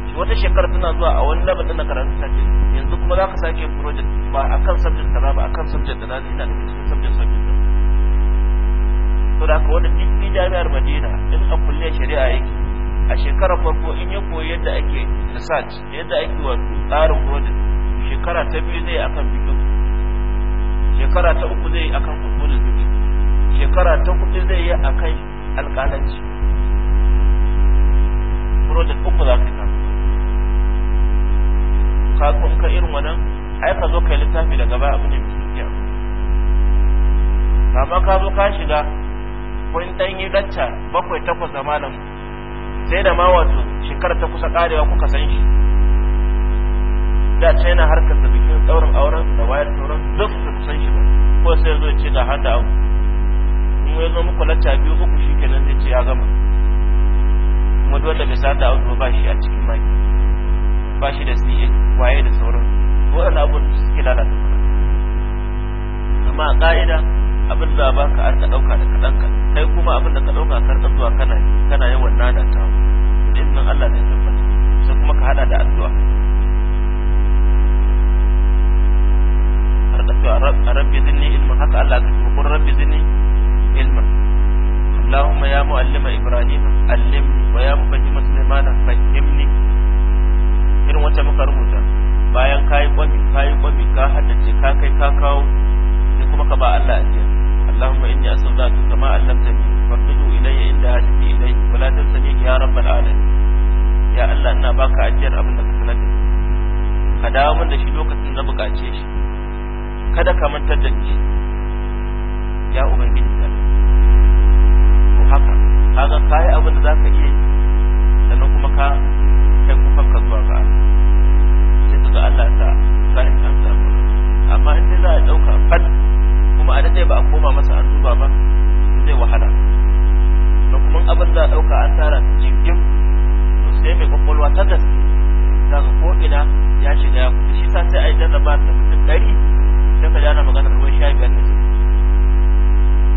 shi wata shekara tana zuwa a wani level din na karatu ta ce yanzu kuma za ka sake project ba akan subject kaza ba akan subject da zai ina da cikin subject subject to da ka wanda duk jami'ar Madina in a kulle shari'a yake a shekarar farko in ya koyi yadda ake research yadda ake wato tsarin kodin shekara ta biyu zai akan bikin shekara ta uku zai akan ukulin bikin shekara ta hudu zai yi akan alƙalanci project uku za ka yi ka ko ka irin wannan ai ka zo kai littafi daga baya abu ne mai sauki amma ka zo ka shiga kun dan yi bakwai takwas da malam sai da ma wato shekarar ta kusa karewa kuka san shi da ce yana harkar da bikin tsaurin auren da wayar turan duk da san shi ba ko sai zo ce ga hada abu in ya zo muku lacca biyu uku shi kenan zai ce ya gama kuma duk wanda bai sa da abu ba shi a cikin maki ba shi da siye waye da sauran waɗanda abubuwan suke lalata amma a ƙa'ida abin da ba ka arka ɗauka da kaɗan ka kai kuma abin da ka ɗauka kar ka zuwa kana kana yawan nana ta da izinin Allah zai tabbata sai kuma ka hada da addu'a har ka cewa rabbi zinni ilmin haka Allah ka ce kun rabbi zinni ilmin اللهم يا معلم إبراهيم علمني ويا مفهم سليمان فهمني irin wata muka rubuta bayan kayi kwabi kayi kwabi ka haddace ka kai ka kawo sai kuma ka ba Allah ajiya اللهم إني أستودعتك كما علمتني فارجعه إلي عند حاجتي إليه ولا تنسني يا رب العالمين ya Allah ina baka ajiyar abin da ka sanar da ka dawo da shi lokacin da buƙace shi kada ka mantar da ni ya ubangiji ta ko haka kaga kai abin da zaka iya yi sannan kuma ka kai kufan ka zuwa ga Allah sai ka ga Allah ta ka yi amma za dauka kuma a daɗe ba a koma masa an duba ba zai wahala da kuma abin da ɗauka an tara ta jirgin to sai mai kwakwalwa ta gaske za ka ko'ina ya shiga ya kuma shi sa sai a yi ba ta mutum ɗari sai ka jana magana ruwan sha biyar da su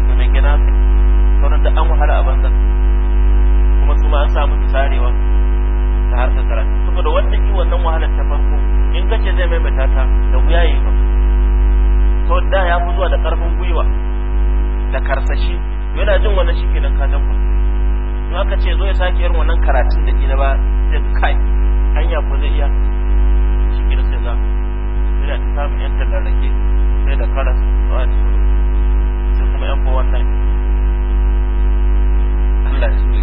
domin gina sauran da an wahala a banza kuma su ma an samu tsarewa ta harkar karatu saboda wannan yi wannan wahalar ta farko in kace zai maimaita ta da wuya yi ba to da ya fi zuwa da karfin gwiwa da karsashi yana jin wani shi kenan ka tabbata in aka ce zo ya sake yin wannan karatun da ina ba da kai hanya ko zai iya shi kenan sai za yana ta samun da rage sai da karas da wani su kuma yan bawan nan Allah ya soke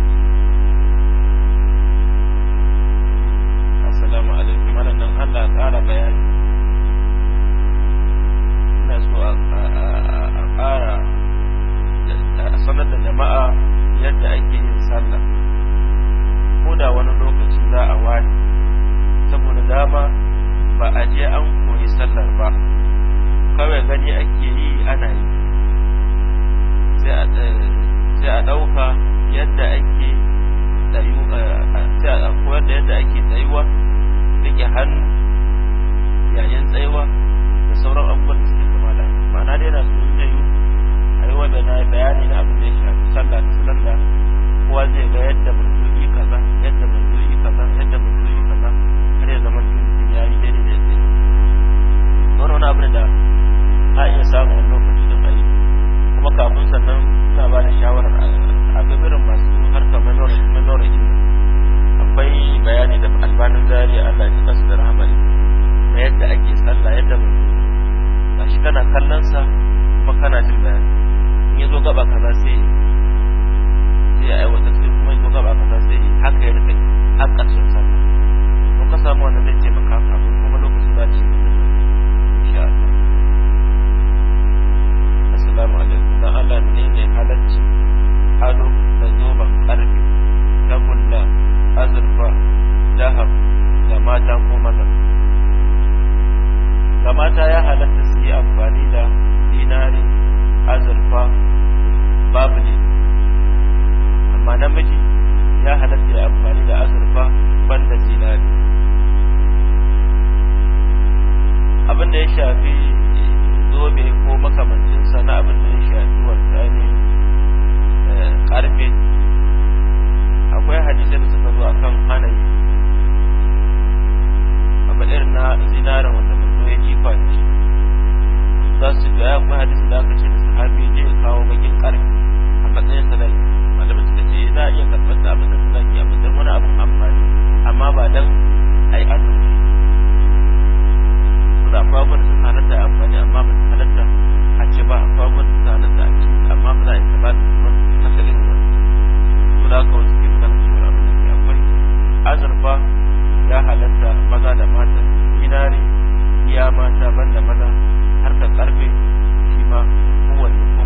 Assalamu alaikum wannan Allah ya tsara bayani so a ƙara a sanar da jama'a yadda ake yin sallah ko da wani lokaci za a ware saboda dama ba a je an koyi sallar ba kawai gani ake yi ana yi sai a eh, ɗauka yadda ake eh, a koyar da yadda ake tsayuwa rike hannu yayin tsayuwa da sauran abubuwan ma'ana dai na su zai yi a yi na bayani da abin da ya shafi sallah da sallah kowa zai ga yadda manzoyi kaza yadda manzoyi kaza yadda manzoyi kaza har ya zama mutum ya yi daidai da zai wani wani abin da a iya samun wani lokaci da ayi kuma kafin sannan suna ba da shawarar a gabirin masu harkar manorin akwai bayani da albanin zari Allah ya kasu da rahama yadda ake sallah yadda manzoyi gashi kana kallon sa kuma kana jin bayani in yazo zo gaba kaza sai sai ya aiwata sai kuma yazo zo gaba kaza sai haka ya rika har sun sallah to ka samu wanda zai taimaka kafin kuma lokacin da ce insha Allah assalamu alaikum dan Allah ne ne halacci ado da zoban karfe tagulla azurfa dahab da mata ko maza mata ya halatta su yi amfani da dinari azurfa babu ne amma namiji ya halatta ya amfani da azurfa banda zinari abin da ya shafi zobe ko makamancinsa na abin da ya shafi wata ne eh, karfe akwai hadisai da suka zo akan hanayi abu irin na zinarin wanda wanda jifa da shi za su ga ya kuma hadisi da aka ce da sahabi je ya kawo bakin kare. a matsayin sadaki malamin suka ce eh, za a iya karɓar da abin da sadaki a matsayin wani abin amfani amma ba dan a yi azumi saboda akwai abubuwan da sun halatta amfani amma ba su halatta a ce ba akwai abubuwan da sun amma ba za a yi ta ba da masalin wani da haka wasu ke magana cewar abin da ke akwai azurfa ya halatta maza da mata dinari iya mata banda maza harkar karfe shi ma kowanne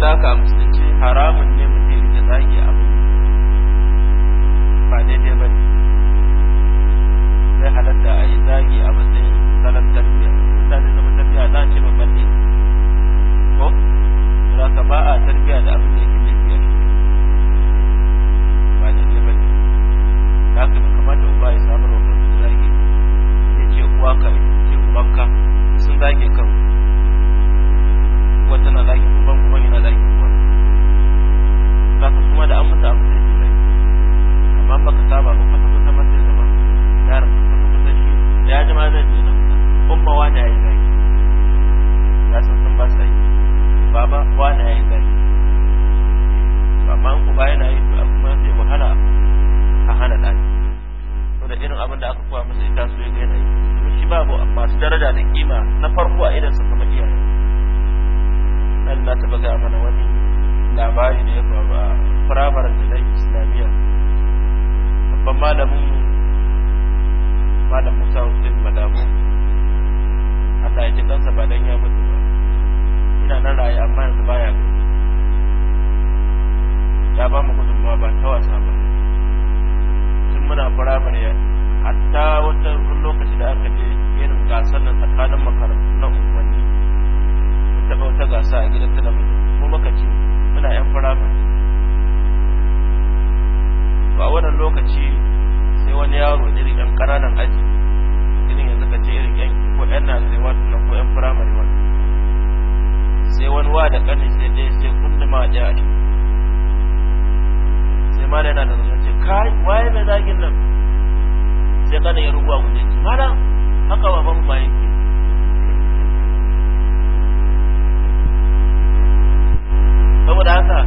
saboda haka kima na farko a idansa kamar iyaye nan na taɓa ga mana wani labari da ya faru a firamar da dan islamiyya babban malamin malam musa hussein madabu allah ya ji kansa ba don ya mutu ba ina nan raye amma yanzu baya ya ba mu gudunmawa ba ta wasa ba tun muna firamar ya hatta wata lokaci da aka je irin gasar nan tsakanin makarantu na unguwanni mun taɓa wata gasa a gidan talabijin ko lokaci muna yan firamare to a wannan lokaci sai wani yaro irin yan ƙananan aji irin yanzu ka ce irin yan ko yan wata wannan ko yan firamare wannan sai wani wa da ƙarni sai dai sai ma a jari sai ma da yana da zuwa ce kai waye mai zagin nan sai kana ya rubuwa guda ce mana haka ba ban bayan saboda haka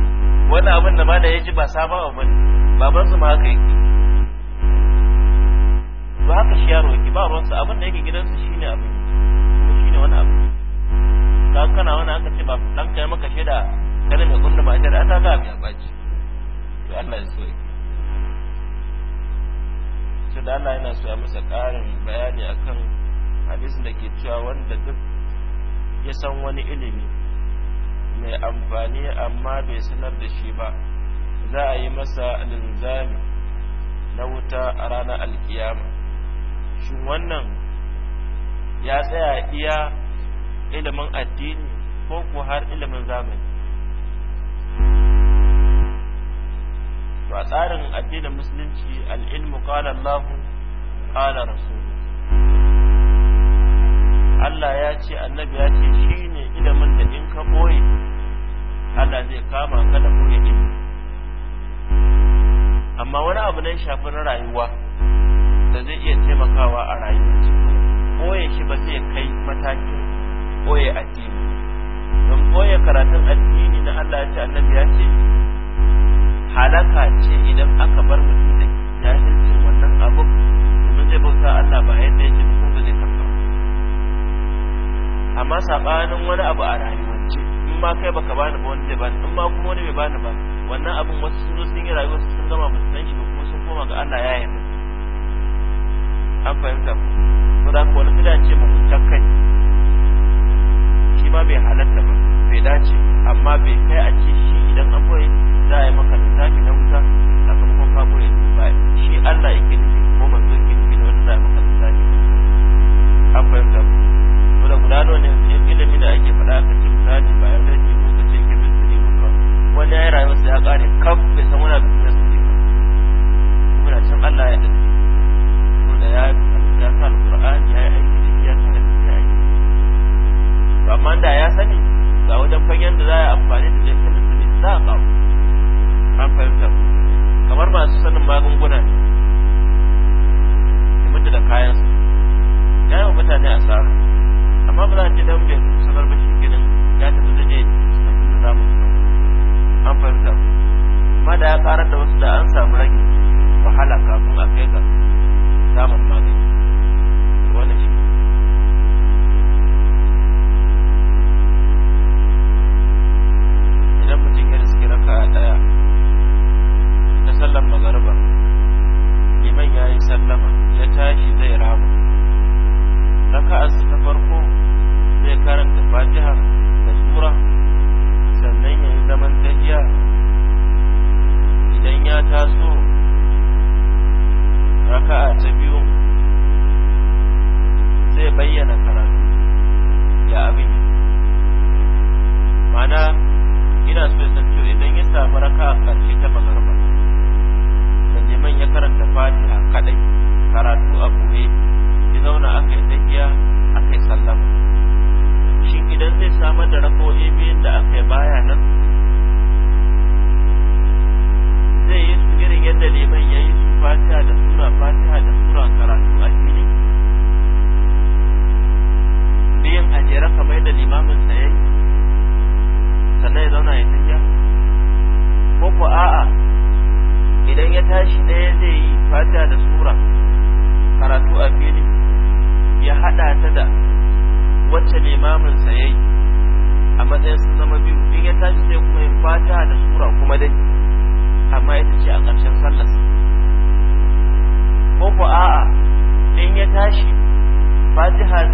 wani abin da mana ya ji ba saba ba bane baban su ma haka yake ba haka shi yaro yake ba ruwansa abin da yake gidansa shine abin shine wani abu ka kana wani aka ce ba ɗan kai maka shaida kana mai gunda ba ita da ta ga ya baci to Allah ya so ce da Allah yana so ya masa ƙarin bayani akan hadisin da ke cewa wanda duk ya san wani ilimi mai amfani amma bai sanar da shi ba za a yi masa linzami na wuta a ranar alkiyama shi wannan ya tsaya iya ilimin addini ko ko har ilimin zamani to a tsarin addinin musulunci al'ilmu qala Allah qala rasul Allah ya ce annabi ya ce shine ilimin da in ka boye Allah zai kama ka da boye ilimi amma wani abu ne shafin rayuwa da zai iya taimakawa a rayuwa cikin boye shi ba zai kai matakin boye addini don boye karatun addini na Allah ya ce annabi ya ce halaka ce idan aka bar mutum da jahilcin wannan abu kuma zai bauta Allah ba yadda yake ba zai karɓa amma sabanin wani abu a rayuwance in ma kai baka bani ba wani zai bani in ma kuma wani bai bani ba wannan abun wasu sun zo sun yi rayuwa sun gama musulman shi ba kuma sun koma ga Allah ya yarda an fahimta ku ko da ko wani bida ce mu takkai shi ma bai halatta ba bai dace amma bai kai a ce shi idan an koyi za a yi maka lissafi na wuta sakamakon ka kure su ba shi Allah yake da shi ko manzo yake nufi da wanda za a yi maka lissafi an fahimta ku to da guda nawa ne ilimi da ake faɗa aka cikin misali bayan da ke ko ka ce ke bin wani ya yi rayuwa sai ya ƙare kaf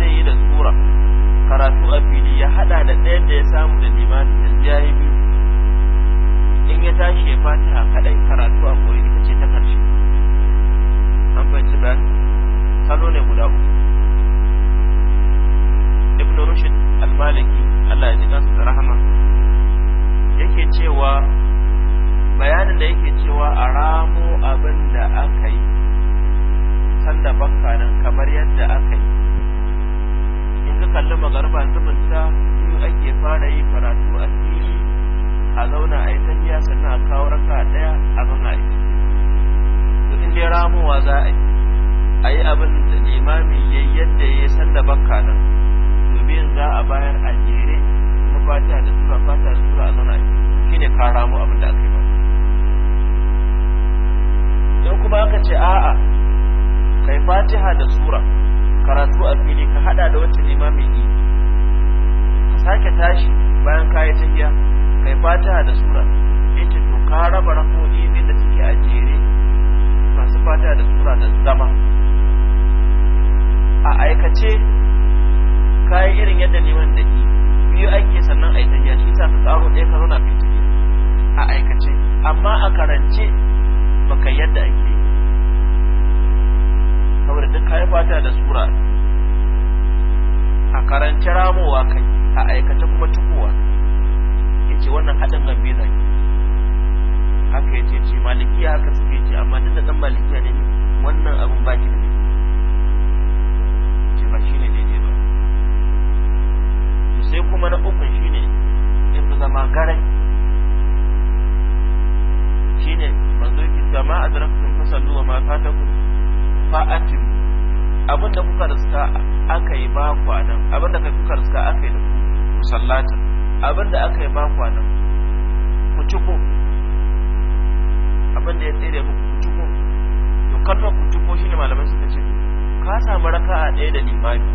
zai yi da tsura karatu a fili ya hada da ɗayan da ya samu da limanin yi biyu in ya tashi ya fata kaɗai karatu a koyi ita ce ta ƙarshe. an fahimci ba salo ne guda uku ibn rushd al-maliki Allah ya ji kansu da rahama yake cewa bayanin da yake cewa a ramo abin da aka yi sanda bakka nan kamar yadda aka yi in ka kalli magarba zubinta su ake fara yi karatu a fili a zauna a yi tafiya sannan a kawo raka ɗaya abin a yi in dai ramuwa za a yi a yi abin da imami ya yi yadda ya yi sanda bakka nan domin za a bayar a jere kuma fata da sura fata da sura a zauna a shi ne ka ramu abin da aka yi ba in kuma aka ce a'a kai fatiha da sura karatu a fili ka hada da wacce limami yi ka sake tashi bayan kayi tafiya kai fatiha da sura yace to ka raba rak'o'i ne da suke a jere masu fatiha da sura da zama a aikace kayi irin yadda neman da yi biyu ake sannan a yi tafiya shi sa ka karo ɗaya ka zauna kai a aikace amma a karance baka yadda ake saboda duk kayi fata da sura a karanci ramowa kai a aikata kuma tukuwa ya ce wannan haɗin gambe zai haka ya ce maliki ya haka suke ce amma duk da ɗan maliki ne wannan abin baki ne ce ba shi ne daidai ba sai kuma na ukun shi ne ya fi zama garai shi ne manzo ki zama a zarar kun fasallu wa ma fatakum fa'atin abin da kuka riska aka yi ba kwanan abin da kuka riska aka yi da ku musallatin abin da aka yi ba kwanan ku ciko abin da ya tsere ku ku ciko to kalmar ku ciko shi ne malamai suka ce ka samu raka'a ɗaya da limami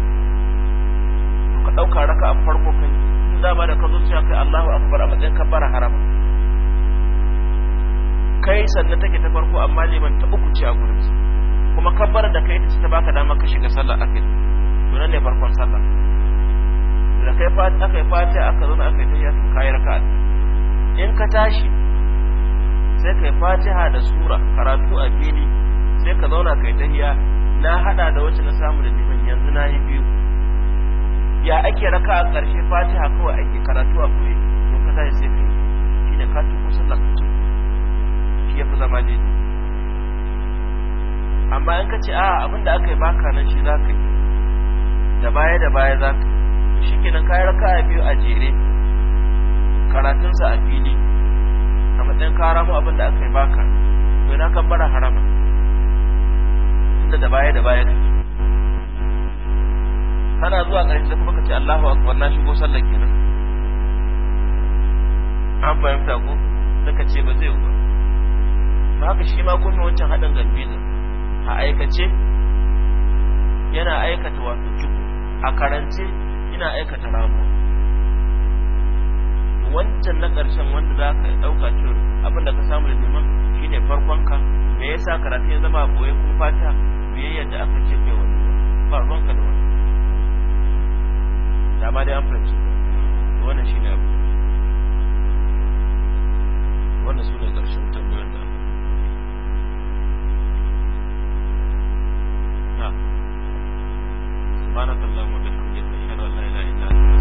to ka ɗauka raka'a farko kai in ba da ka zo cewa kai Allahu akbar a matsayin kabbara harama kai sannan take ta farko amma liman ta uku ce a gurin kuma kabbar da kai ta baka dama ka shiga sallar akil to ne farkon sallah da kai fati aka yi fati aka zo aka yi tafiya to kayi raka'a in ka tashi sai kai fatiha da sura karatu a fili sai ka zauna kai tahiya na hada da wacce na samu da liman yanzu na yi biyu ya ake raka a ƙarshe fatiha kawai ake karatu a koyi to ka tashi sai kai shi da ka tuku sallar shi ya fi zama daidai amma in ka ce a abinda aka yi baka nan shi za ka yi da baya da baya za ka yi shi kenan kayi raka a biyu a jere karatunsa a fili a matsayin ka mu abinda aka yi baka to na kan bara harama inda da baya da baya yi. kana zuwa ƙarshe da kuma ka ce Allahu akbar na shigo sallar kenan an fahimta ko suka ce ba zai yi ba haka shi ma kuma wancan haɗin galbi ne a aikace yana aikata wato kiku a karance ina aikata ramuwa wancan na ƙarshen wanda za ka ɗauka cewa abin da ka samu da neman shine farkonka me yasa karatu ya zama boye ko fata biyayyar da aka ce kai wani ba ruwanka da wani da ba dai an fahimci wannan shine abu wannan su ne ƙarshen tambayar da subhanaka allahumma wa bihamdika ashhadu an la